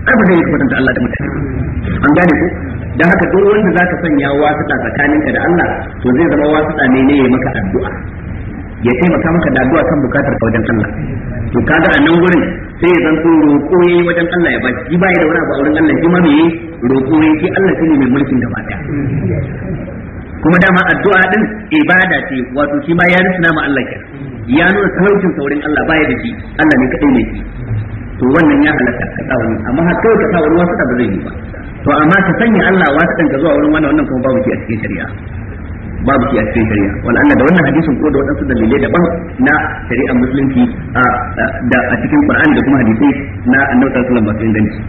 ai ba zai kwatanta Allah da mutane an gane ko dan haka duk wanda zaka sanya wasiƙa tsakaninka da Allah to zai zama wasiƙa ne ne ya maka addu'a ya taimaka maka da addu'a kan bukatar ka wajen Allah to kaga a nan wurin sai ya zanto roƙo yayi wajen Allah ya baki ba ya da wani abu a wurin Allah shi ma me roƙo yayi shi Allah ne mai mulkin da daya kuma dama addu'a din ibada ce wato shi ma ya rusuna ma Allah kenan ya nuna talaucin saurin Allah baya da shi Allah ne kadai ne shi to wannan ya halarta ka sa wani amma har kai ka sa wani wasu ba zai yi ba to amma ka sanya Allah wasu ka zuwa wurin wannan wannan kuma babu shi a cikin shari'a babu shi a cikin shari'a wal Allah da wannan hadisin ko da wadansu dalilai daban na shari'ar musulunci a cikin Qur'ani da kuma hadisai na Annabi sallallahu alaihi wasallam masu inganci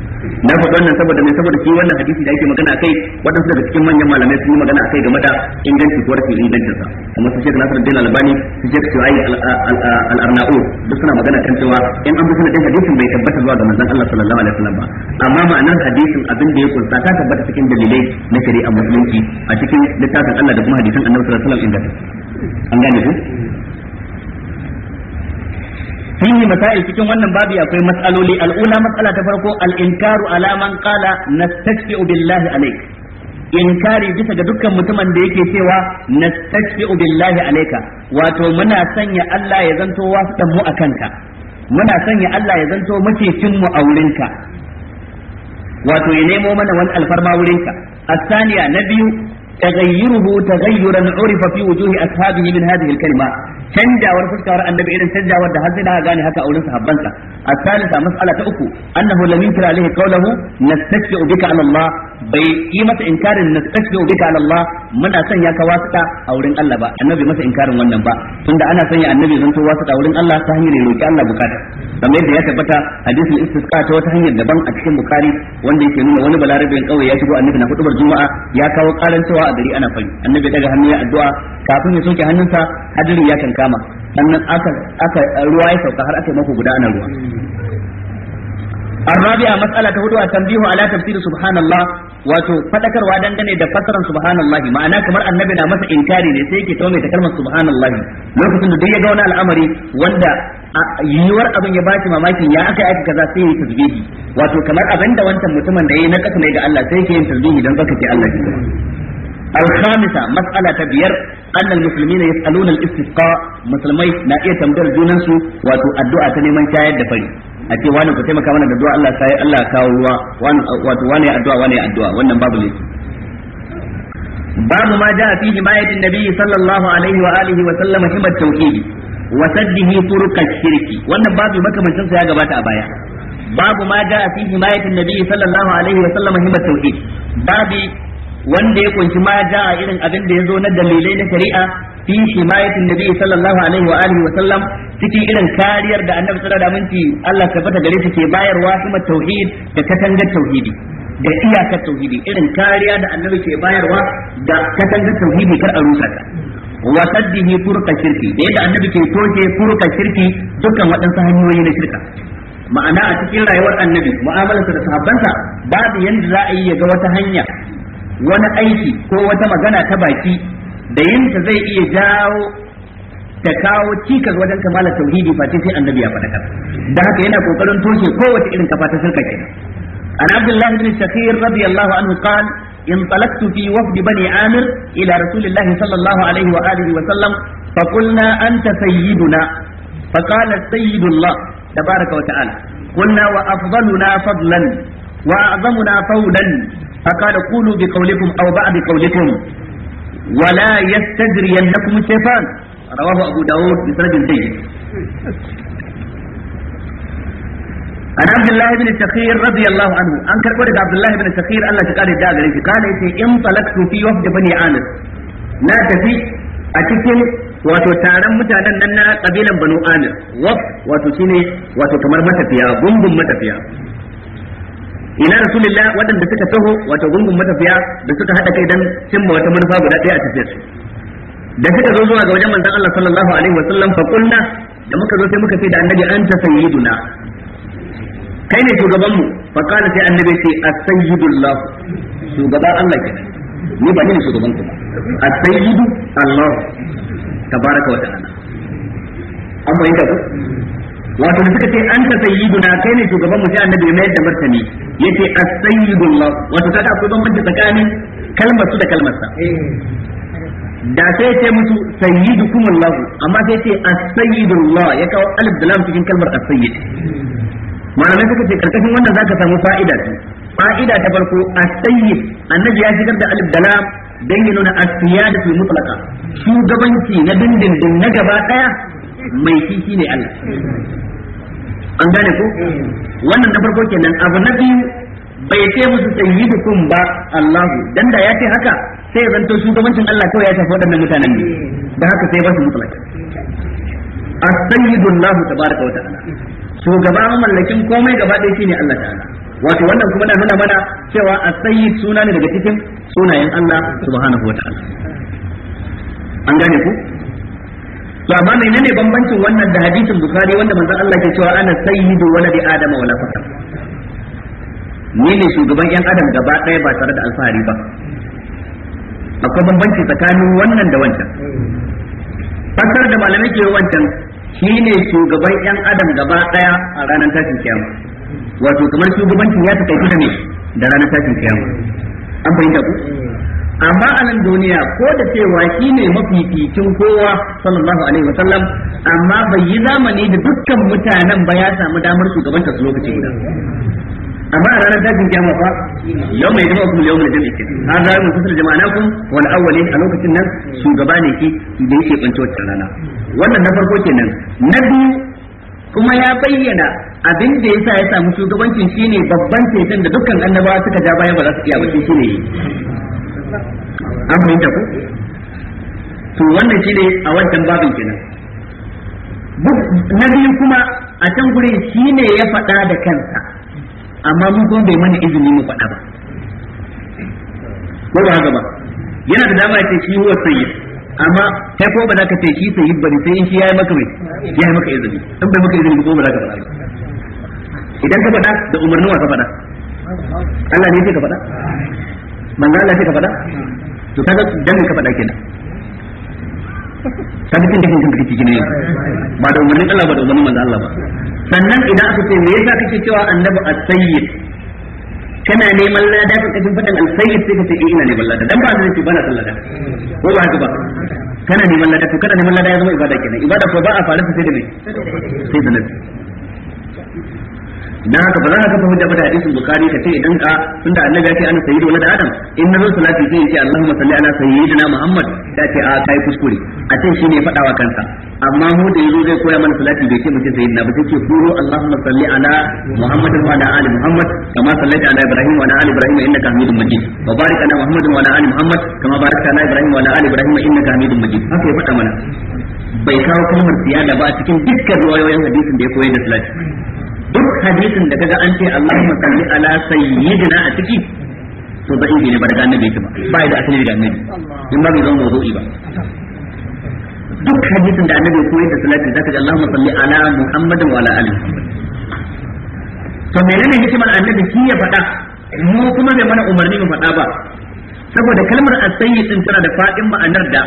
na faɗi wannan saboda mai saboda shi wannan hadisi da ake magana kai wadansu daga cikin manyan malamai sun yi magana kai game da inganci ko rashin ingancin sa amma su nasarar dina Albani su Sheikh Suhaib al-Arnau duk suna magana kan cewa in an bukuna ɗin hadisin bai tabbata zuwa ga manzan Allah sallallahu alaihi wasallam ba amma ma'anar hadisin abin da ya kunsa ta tabbata cikin dalilai na shari'ar musulunci a cikin littafin Allah da kuma hadisan hadisan annabi sallallahu alaihi wasallam inda an gane ku fihi masail cikin wannan babu akwai mas'aloli al'ula mas'ala ta farko al-inkaru ala man qala nastakfi'u billahi alayk inkari bisa ga dukkan mutumin da yake cewa nastakfi'u billahi alayka wato muna sanya Allah ya zanto wasu mu akan ka muna sanya Allah ya zanto macicin mu a wurinka wato ya nemo mana wani alfarma wurinka asaniya na biyu تغيره تغيرا عرف في وجوه أصحابه من هذه الكلمة canjawar fuskawar annabi irin canjawar da har sai da gane haka aurin sahabbansa الثالثة مسألة أكو أنه لم ينكر عليه قوله نستشفع بك على الله bai yi masa inkarin na tasbi bika Allah muna sanya ka wasuɗa a wurin Allah ba annabi masa inkarin wannan ba tunda ana sanya annabi zan zanto a wurin Allah ta hanyar roki Allah bukata kamar yadda ya tabbata hadisi istisqa ta wata hanyar daban a cikin bukari wanda yake nuna wani balarabin kauye ya shigo annabi na hudubar juma'a ya kawo karan cewa a gari ana fari annabi daga hannu ya addu'a kafin ya soke hannunsa hadiri ya kankama sannan aka aka ruwa ya sauka har aka yi mako guda ana ruwa الرابعة مسألة هدوء التنبيه على ala سبحان الله wato fadakarwa dangane da fasaran subhanallahi ma'ana kamar annabi na masa inkari ne sai ke tawo mai kalmar subhanallahi lokacin da duk ya al'amari wanda yiwuwar abin ya bashi mamakin ya aka aka kaza sai yi tasbihi wato kamar abin da wancan mutumin da yayi na kasa ne ga Allah sai yake yin tasbihi dan tsakake Allah الخامسة مسألة بير أن المسلمين يسألون الاستسقاء مسلمين نائية wato addu'a ta neman من da fari. a ce wani ku taimaka mana da addu'a Allah sai Allah kawo ruwa wato wani addu'a wani addu'a wannan babu laifi babu ma jaa fi himayatin nabi sallallahu alaihi wa alihi wa sallam himat tauhid wa saddihi turuka shirki wannan babu makamancin sa ya gabata a baya babu ma jaa fi himayatin nabi sallallahu alaihi wa sallam himat tauhid babu wanda ya kunshi ma jaa irin abin da ya zo na dalilai na shari'a fi himayatin nabi sallallahu alaihi wa alihi wa sallam cikin irin kariyar da annabi sallallahu alaihi minti Allah tabbata gare shi ke bayarwa kuma tauhid da katangar tauhidi da iyakar tauhidi irin kariya da annabi ke bayarwa da katangar tauhidi kar a rusa ta wa saddihi furqa shirki da yadda annabi ke toke furqa shirki dukkan waɗansu hanyoyi na shirka ma'ana a cikin rayuwar annabi mu'amalarsa da sahabbansa babu yanda za a yi ya ga wata hanya wani aiki ko wata magana ta baki da yinta zai iya dawo ta kawo cikas wajen kamala tauhidi face sai annabi ya faɗa da haka yana kokarin toshe kowace irin kafa ta shirka ke an abdullahi bin shakir radiyallahu anhu qal in talaktu fi wafd bani amir ila rasulillah sallallahu alaihi wa alihi wa sallam sayyiduna fa qala sayyidullah tabaraka wa ta'ala qulna wa afdaluna fadlan wa a'zamuna fawdan fa bi qawlikum aw ba'di qawlikum ولا يستجرينكم الشيطان رواه ابو داود بسند جيد عن عبد الله بن الشخير رضي الله عنه أنكر ولد عبد الله بن الشخير الله تعالى قال الداغر قال انطلقت في وفد بني عامر لا تفي أتكن wato taron mutanen nan na kabilan banu amir waf wato shine wato kamar matafiya gungun matafiya ila rasulillah waɗanda suka taho wato gungun matafiya da suka haɗa kai dan cimma wata manufa guda ɗaya a tafiyar su da suka zo zuwa ga wajen manzon Allah sallallahu alaihi wa sallam fa qulna da muka zo sai muka ce da annabi anta sayyiduna kai ne shugaban mu fa kana sai annabi ce as-sayyidullah shugaba Allah kenan ni ba ni ne shugaban ku ba as-sayyidu Allah tabaraka wa ta'ala amma idan wato da suka ce an ta Sayyidu na kai ne shugaban mu sai annabi ya mayar da martani yace as-sayyidullah wato kaga akwai bambanci tsakanin kalmar su da kalmarsa. Eh. da sai ya ce musu sayyidukumullah amma sai ce as-sayyidullah ya kawo alif da lam cikin kalmar as-sayyid ne suka ce karkashin wannan zaka samu fa'ida ce fa'ida ta farko as-sayyid annabi ya shigar da alif da lam dan ya nuna as-siyadatu mutlaqa shugabanci na dindindin na gaba daya mai shi ne Allah eh. an gane ku. wannan na farko kenan abu na biyu bai ce musu sayyidukum ba Allahu dan da ya ce haka sai ya zanto shugabancin Allah kawai ya tafi waɗannan mutanen ne da haka sai ba su mutlaka as-sayyidu Allah tabaaraka wa ta'ala shugaba mallakin komai gaba ɗaya shine Allah ta'ala wato wannan kuma na nuna mana cewa as-sayyid suna ne daga cikin sunayen Allah subhanahu wa ta'ala an gane ku to amma menene bambancin wannan da hadisin bukhari wanda manzon Allah ke cewa ana sayyidu waladi adama wala fata ni ne shugaban yan adam gaba ɗaya ba tare da alfahari ba akwai bambanci tsakanin wannan da wancan fasar da malamai ke wancan shine shugaban yan adam gaba ɗaya a ranar tashin kiyama wato kamar shugabancin ya ta kai da ne da ranar tashin kiyama an fahimta ku amma a nan duniya ko da cewa shi ne mafificin kowa sallallahu alaihi wa sallam amma bai yi zamani da dukkan mutanen ba ya samu damar shugabanta su lokaci guda amma a ranar tashin kiyama fa yau mai jama'a kuma yau mai jama'a ke a za mu jama'a jama'anakum wal awwali a lokacin nan shugaba ne ki da yake kwanto wata rana wannan na farko kenan na biyu kuma ya bayyana abin da yasa ya samu shugabancin shine babban ceton da dukkan annabawa suka ja baya ba za su iya ba shine an fahimta ku to wannan shi ne a wancan babin kenan na biyu kuma a can gurin ne ya faɗa da kansa amma mun kuma bai mana izini mu faɗa ba ko ba haka ba yana da dama ce shi huwa sayyid amma kai ko ba za ka ce shi sayyid bari sai in shi yayi maka mai yayi maka izini in bai maka izini ko ba za ka faɗa idan ka faɗa da umarnin wa ka faɗa Allah ne yake ka faɗa manzo Allah sai ka faɗa to kaga dan ne ba da Allah ba idan aka me yasa kake cewa annabi as-sayyid kana neman lada ka kafin fadan al-sayyid sai ka ce eh, ina neman lada dan ba zan ce bana sallada ko ba haka ba kana neman lada to kana neman lada ya zama ibada kenan ibada ko ba a faru sai da me sai da nabi dan haka ba za ka kafa hujja ba da hadisin bukari ka ce idan ka tunda annabi ya ce ana sayyidu wa adam in na zan salati sai ce allahumma salli ala sayyidina muhammad da ce a kai kuskure a ce shine ya faɗa wa kansa amma mu da yazo zai koya mana salati da ce mu sayyidina ba take furo qulu allahumma salli ala muhammad wa ala ali muhammad kama sallaita ala ibrahim wa ala ali ibrahim innaka hamidum majid wa barik ala muhammad wa ala ali muhammad kama barakta ala ibrahim wa ala ali ibrahim innaka hamidum majid haka ya faɗa mana bai kawo kalmar siyada ba a cikin dukkan ruwayoyin hadisin da ya koyar da salati duk hadisin da kaga an ce Allahumma salli ala sayyidina a ciki to inda ne ba daga annabi ba ba da asali daga annabi in ba bai zama mawdu'i ba duk hadisin da annabi koyar da salati zaka ga Allahumma salli ala Muhammadin wa ala ali to menene hikimar annabi shi ya faɗa mu kuma bai mana umarni mu faɗa ba saboda kalmar as-sayyid din tana da fadin ma'anar da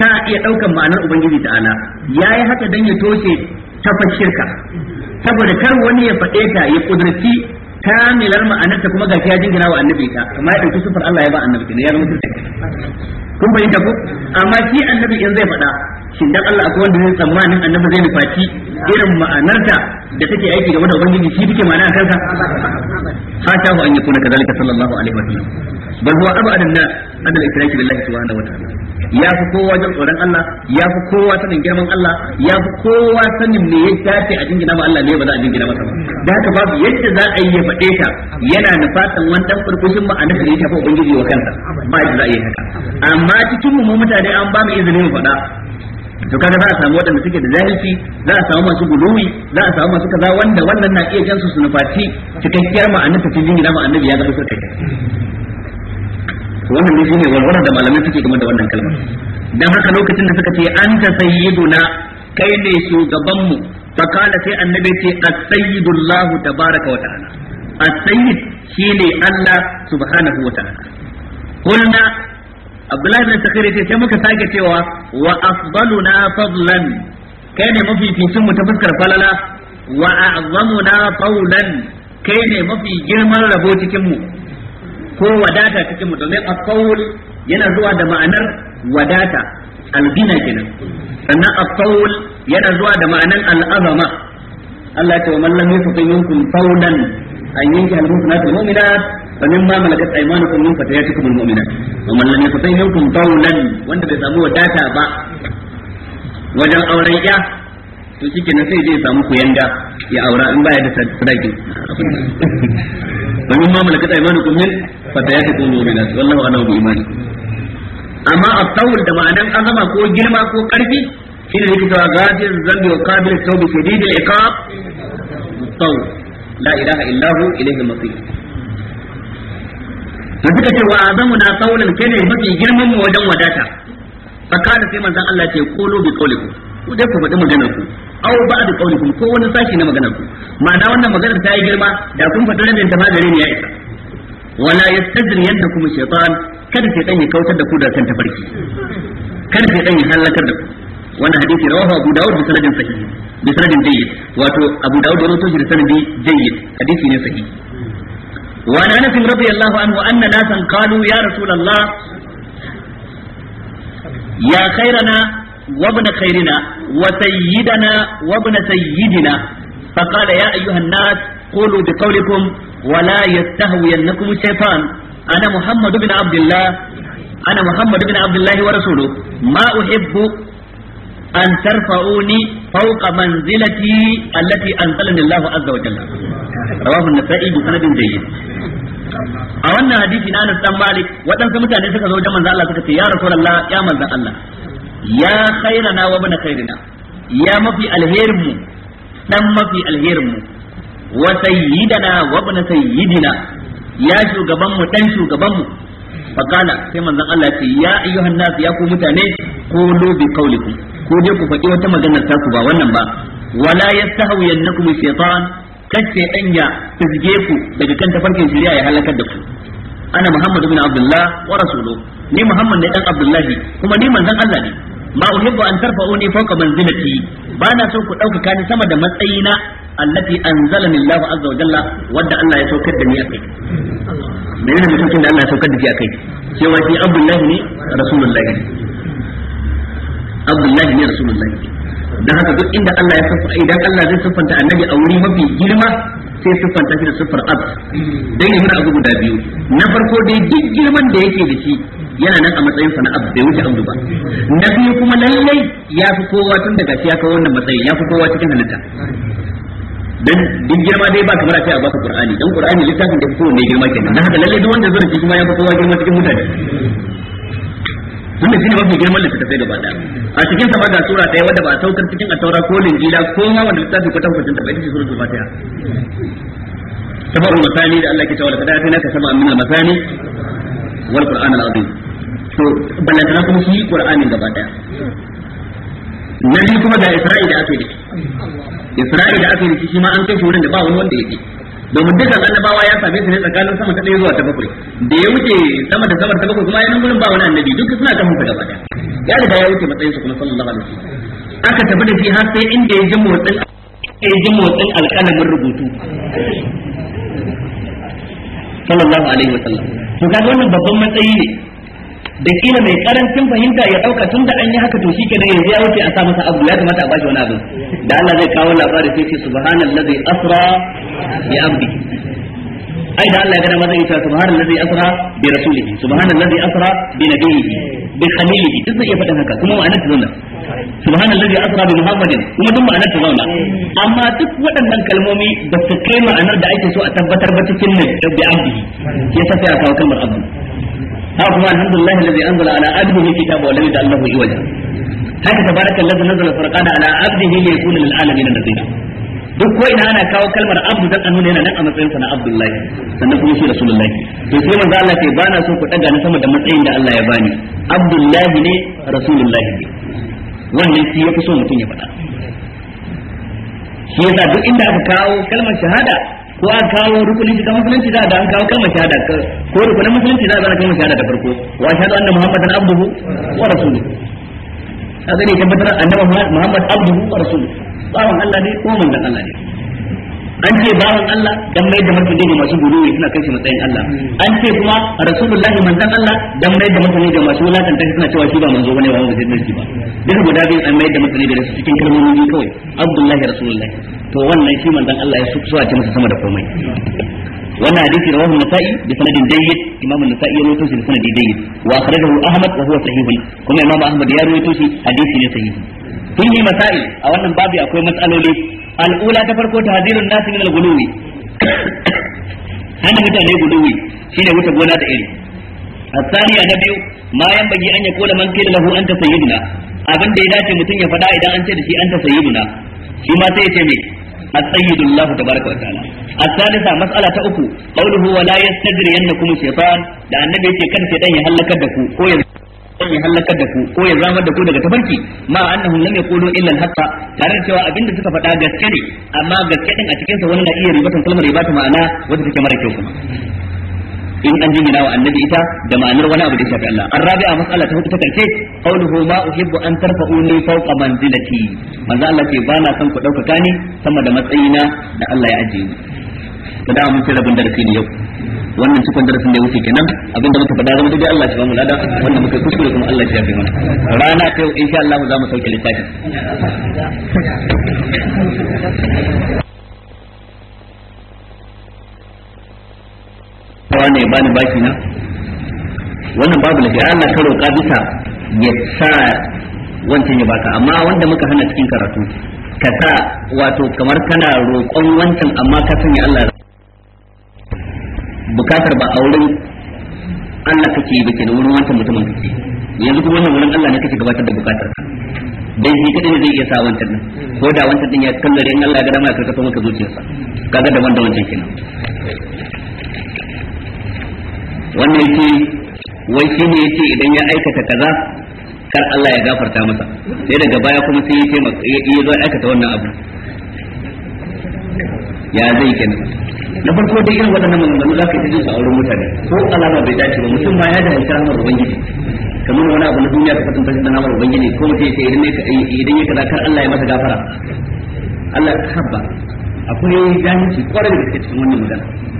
ta iya daukan ma'anar ubangiji ta'ala yayi haka dan ya toshe tafashirka saboda kar wani ya faɗe ta ya kudurci kamilar ma'anarta kuma gashi ya jingina wa annabi ta kuma ya ɗauki sufar Allah ya ba annabi ne ya zama sirri kun fahimta ko amma shi annabi in zai faɗa shin dan Allah akwai wanda zai tsammanin annabi zai nufaci irin ma'anarta da take aiki game da ubangiji shi take ma'ana kansa ha ta an kuna kadalika sallallahu alaihi wasallam bal huwa abadan nas annal ikraki billahi subhanahu wa ta'ala ya fi kowa jin tsoron Allah ya fi kowa sanin girman Allah ya fi kowa sanin me ya dace a jingina ma Allah ne ba za a jingina masa da haka babu yadda za a yi ya faɗe ta yana nufatan wannan dan furkushin ma annabi ne ya shafa ubangiji wa kansa ba yadda za a yi haka amma cikin mu mutane an ba mu izini mu faɗa to kaga za a samu waɗanda suke da zahilci za a samu masu guluwi za a samu masu kaza wanda wannan na iya jansu su nufaci cikakkiyar ma'anar ta cikin jingina ma annabi ya ga su kai wannan ne shine walwala da malamai suke game da wannan kalmar dan haka lokacin da suka ce anta sayyiduna kai ne shugaban mu fa sai annabi ce as ta tabaaraka wa ta'ala as-sayyid shine Allah subhanahu wa ta'ala kulna Abdullahi bin Sakir ce sai muka sake cewa wa afdaluna fadlan kai ne mafificin mu ta fuskar falala wa a'zamuna faulan kai ne mafi girman rabo cikin mu ko wadata cikin mu a asawul yana zuwa da ma'anar wadata albina kenan sannan asawul yana zuwa da ma'anar al'azama Allah ta wa nufin lam yusufi kun fawlan an yanki al-mu'minatu mu'minat فمما ya ايمانكم من فتياتكم المؤمنات ومن لم يستطع منكم طولا wanda bai samu wadata ba wajen auren ya to shikenan sai zai samu kuyanda ya aura in baya da sadakin wa mimma malakat aymanukum min fatayatikum mu'minat wallahu ana bi imanikum amma at-tawr da ma'anar azama ko girma ko karfi shine yake cewa ghadir zambi wa qabil tawb shadid al-iqab tawr la ilaha illa hu ilayhi al-masir da suka ce wa azamu na tawlan ne mafi girman mu wajen wadata fakana sai manzon Allah ce qulu bi qawlikum ku dai ku faɗi maganar ku aw ba'd qawlikum ko wani sashi na maganar ku ma'ana wannan maganar ta yi girma da kun fadar da ta magare ne ya isa wala yanda kuma shaytan kada sai dan ya kautar da ku da kan tafarki kada sai dan ya halakar da ku wannan hadisi rawahu abu daud bi sanadin sahih bi sanadin jayyid wato abu daud ya rawato shi da sanadi jayyid hadisi ne sahih wa an anas رضي الله عنه أن ناسا قالوا يا رسول الله يا خيرنا وابن خيرنا وسيدنا وابن سيدنا فقال يا أيها الناس قولوا بقولكم ولا يستهوينكم الشيطان أنا محمد بن عبد الله أنا محمد بن عبد الله ورسوله ما أحب أن ترفعوني فوق منزلتي التي أنزلني الله عز وجل رواه النسائي بسند جيد a wannan hadisi na Anas dan Malik waɗansu mutane suka zo wajen manzo Allah suka ce ya Rasulullah ya manzo Allah ya khairana wa bana khairina ya mafi alherinmu dan mafi alherinmu wa sayyidana wa bana sayyidina ya shugaban mu dan shugaban mu sai manzon Allah ce ya ayyuhan nas ya ku mutane qulu bi qawlikum ko dai ku faɗi wata maganar ta ku ba wannan ba wala yastahawiyannakum shaytan kace danya fizge ku daga kan farkin shari'a ya halakar da ku ana muhammad ibn abdullah wa rasuluhu ni muhammad ne dan abdullahi kuma ni manzon Allah ne ma uhibbu an tarfa'uni fawqa manzilati ba na so ku dauka kani sama da matsayina allati anzalani Allah azza wa jalla Wadda Allah ya saukar da ni akai menene mutuncin da Allah ya saukar da shi akai cewa shi abdullahi ne rasulullahi abdullahi ne rasulullahi dan haka duk inda Allah ya saffa idan Allah zai siffanta annabi a wuri mafi girma sai siffanta shi da siffar ab. dan ya nuna abu guda biyu na farko dai duk girman da yake da shi yana nan a matsayin sa na bai wuce abdu ba na biyu kuma lallai ya fi kowa tun daga shi ya kawo wannan matsayin ya fi kowa cikin halitta dan din girma dai ba kamar a ce a baka qur'ani dan qur'ani littafin da kowanne girma kenan dan haka lallai duk wanda zai rike kuma ya fi kowa girma cikin mutane wannan shine mafi girman littattafai gaba daya a cikin sa ga sura daya wadda ba a saukar cikin a taura ko linjila ko ma wanda littafi ko tabbacin ta bai suratul fatiha tabarru masani da Allah ke cewa da na ka sama amina masani wal qur'an al-azim to na kuma shi qur'anin gaba daya nan kuma ga isra'i da ake da isra'i da ake da shi ma an kai wurin da ba wani wanda yake domin dukkan annabawa ya same su ne tsakanin sama ta ɗaya zuwa ta bakwai da ya wuce sama da sama ta bakwai kuma ya nan gurin ba wani annabi duk suna ta hukunta gaba ɗaya ya riga ya wuce matsayin su kuma sallallahu alaihi wasallam aka tafi da shi har sai inda ya ji motsin ya ji motsin alƙalamin rubutu sallallahu alaihi wasallam to kaga wannan babban matsayi ne da kila mai karancin fahimta ya dauka tun da an yi haka to ne yanzu ya wuce a sa masa abu ya kamata a bashi wani abu da Allah zai kawo labari sai ce subhanallazi asra bi abdi ai da Allah ya gada mazan ita subhanallazi asra bi rasulihi subhanallazi asra bi nabiyhi bi khalilihi duk zai iya faɗin haka kuma ma'anar ta zauna subhanallazi asra bi muhammadin kuma duk ma'anar ta zauna amma duk waɗannan kalmomi ba su kai ma'anar da ake so a tabbatar ba cikin ne bi abdihi yasa sai a kawo kalmar abdi ha kuma alhamdulillah alladhi anzala ala abdihi kitaba wa lam yaj'al lahu iwaja haka tabaraka alladhi nazala furqana ala abdihi li yakuna lil alamin nadira duk ko ina ana kawo kalmar abdu dan annuna yana nan a matsayin sa na abdullahi sannan kuma shi rasulullahi to sai manzo Allah ce bana so ku daga ni sama da matsayin da Allah ya bani abdullahi ne rasulullahi ne wannan shi yafi so mutum ya faɗa shi yasa duk inda aka kawo kalmar shahada ko an kawo rukuni ta musulunci da an kawo kalmar shahada ko rukunin musulunci da a zana kalmar shahada da farko wa shahadu anna muhammadan abduhu wa rasuluhu kaga ne tabbatar annabi muhammad abduhu wa rasuluhu bawan Allah ne ko manzon Allah ne an ce bawan Allah dan mai da martani ga masu ne suna kai shi matsayin Allah an ce kuma rasulullahi manzon Allah dan mai da martani ga masu wulakanta suna cewa shi ba manzo bane ba wanda zai shi ba duka guda biyu an mai da martani da su cikin kalmomi kawai abdullahi rasulullahi to wannan shi manzon Allah ya suka ce masa sama da komai wannan hadisi rawahu nasai bi sanadin jayyid imam an-nasa'i ya rawaito shi da sanadin jayyid wa akhrajahu ahmad wa huwa sahih kuma imam ahmad ya rawaito shi hadisi ne sahihi yi masail a wannan babu akwai matsaloli al'ula ta farko ta hadirin min al-ghuluwi hana mutane shi ne wuce gona da iri A na bagi an ما kola man يقول من da له أنت سيدنا abin da ya dace mutum ya faɗa idan an ce da shi an anta sayyiduna shi ma sai ya ce me as-sayyidullahu tabaraka wa ta'ala as mas'ala ta uku qawluhu wa la yastadri kuma shaytan da annabi kan kada ɗan ya halakar da ku ko ya sai ya halakar da ku ko ya zamar da ku daga tafarki ma annahum lam yaqulu illa al-haqqa tare da cewa abinda suka faɗa gaske ne amma gaske din a cikin sa wani na iya ribatan kalmar ribata ma'ana wanda take mara kyau kuma in an jingina wa annabi ita da ma'anar wani abu da shafi Allah an rabi'a mas'ala ta hudu ta karshe qawluhu ma uhibbu an tarfa'u li fawqa manzilati manzo Allah ce ba na son ku dauka ni sama da matsayina da Allah ya ajiye Ka da mun sai rabin darasi ne yau wannan cikon darasin da ya wuce kenan abinda muka faɗa zama dai Allah ya bamu lada wannan muka kuskure kuma Allah ya yafe mana rana ta yau insha Allah za mu sauke wannan ba bani baki na wannan babu lafiya Allah ka roƙa bisa ya sa wancan ya baka amma wanda muka hana cikin karatu ka sa wato kamar kana roƙon wancan amma ka sanya Allah bukatar ba a wurin Allah kake yi bake da wurin wancan mutumin kake yanzu kuma wannan wurin Allah ne kake gabatar da bukatar ka dan shi kadai ne zai iya sa wancan nan ko da wancan din ya kallare in Allah ya ga dama ya karkato maka zuciyarsa kaga da da wancan kenan wannan shi wai shi ne yace idan ya aikata kaza kar Allah ya gafarta masa sai daga baya kuma sai ya ce ya zo aikata wannan abu ya zai kenan na farko dai irin waɗannan maganganu za ka yi jin su mutane ko alama bai dace ba mutum ma ya da hankali ramar ubangiji kamar wani abu na duniya ka kasance da na ubangiji ko mutum ya idan idan ya kaza kar Allah ya masa gafara Allah habba akwai jahilci kwarai da gaske cikin wannan magana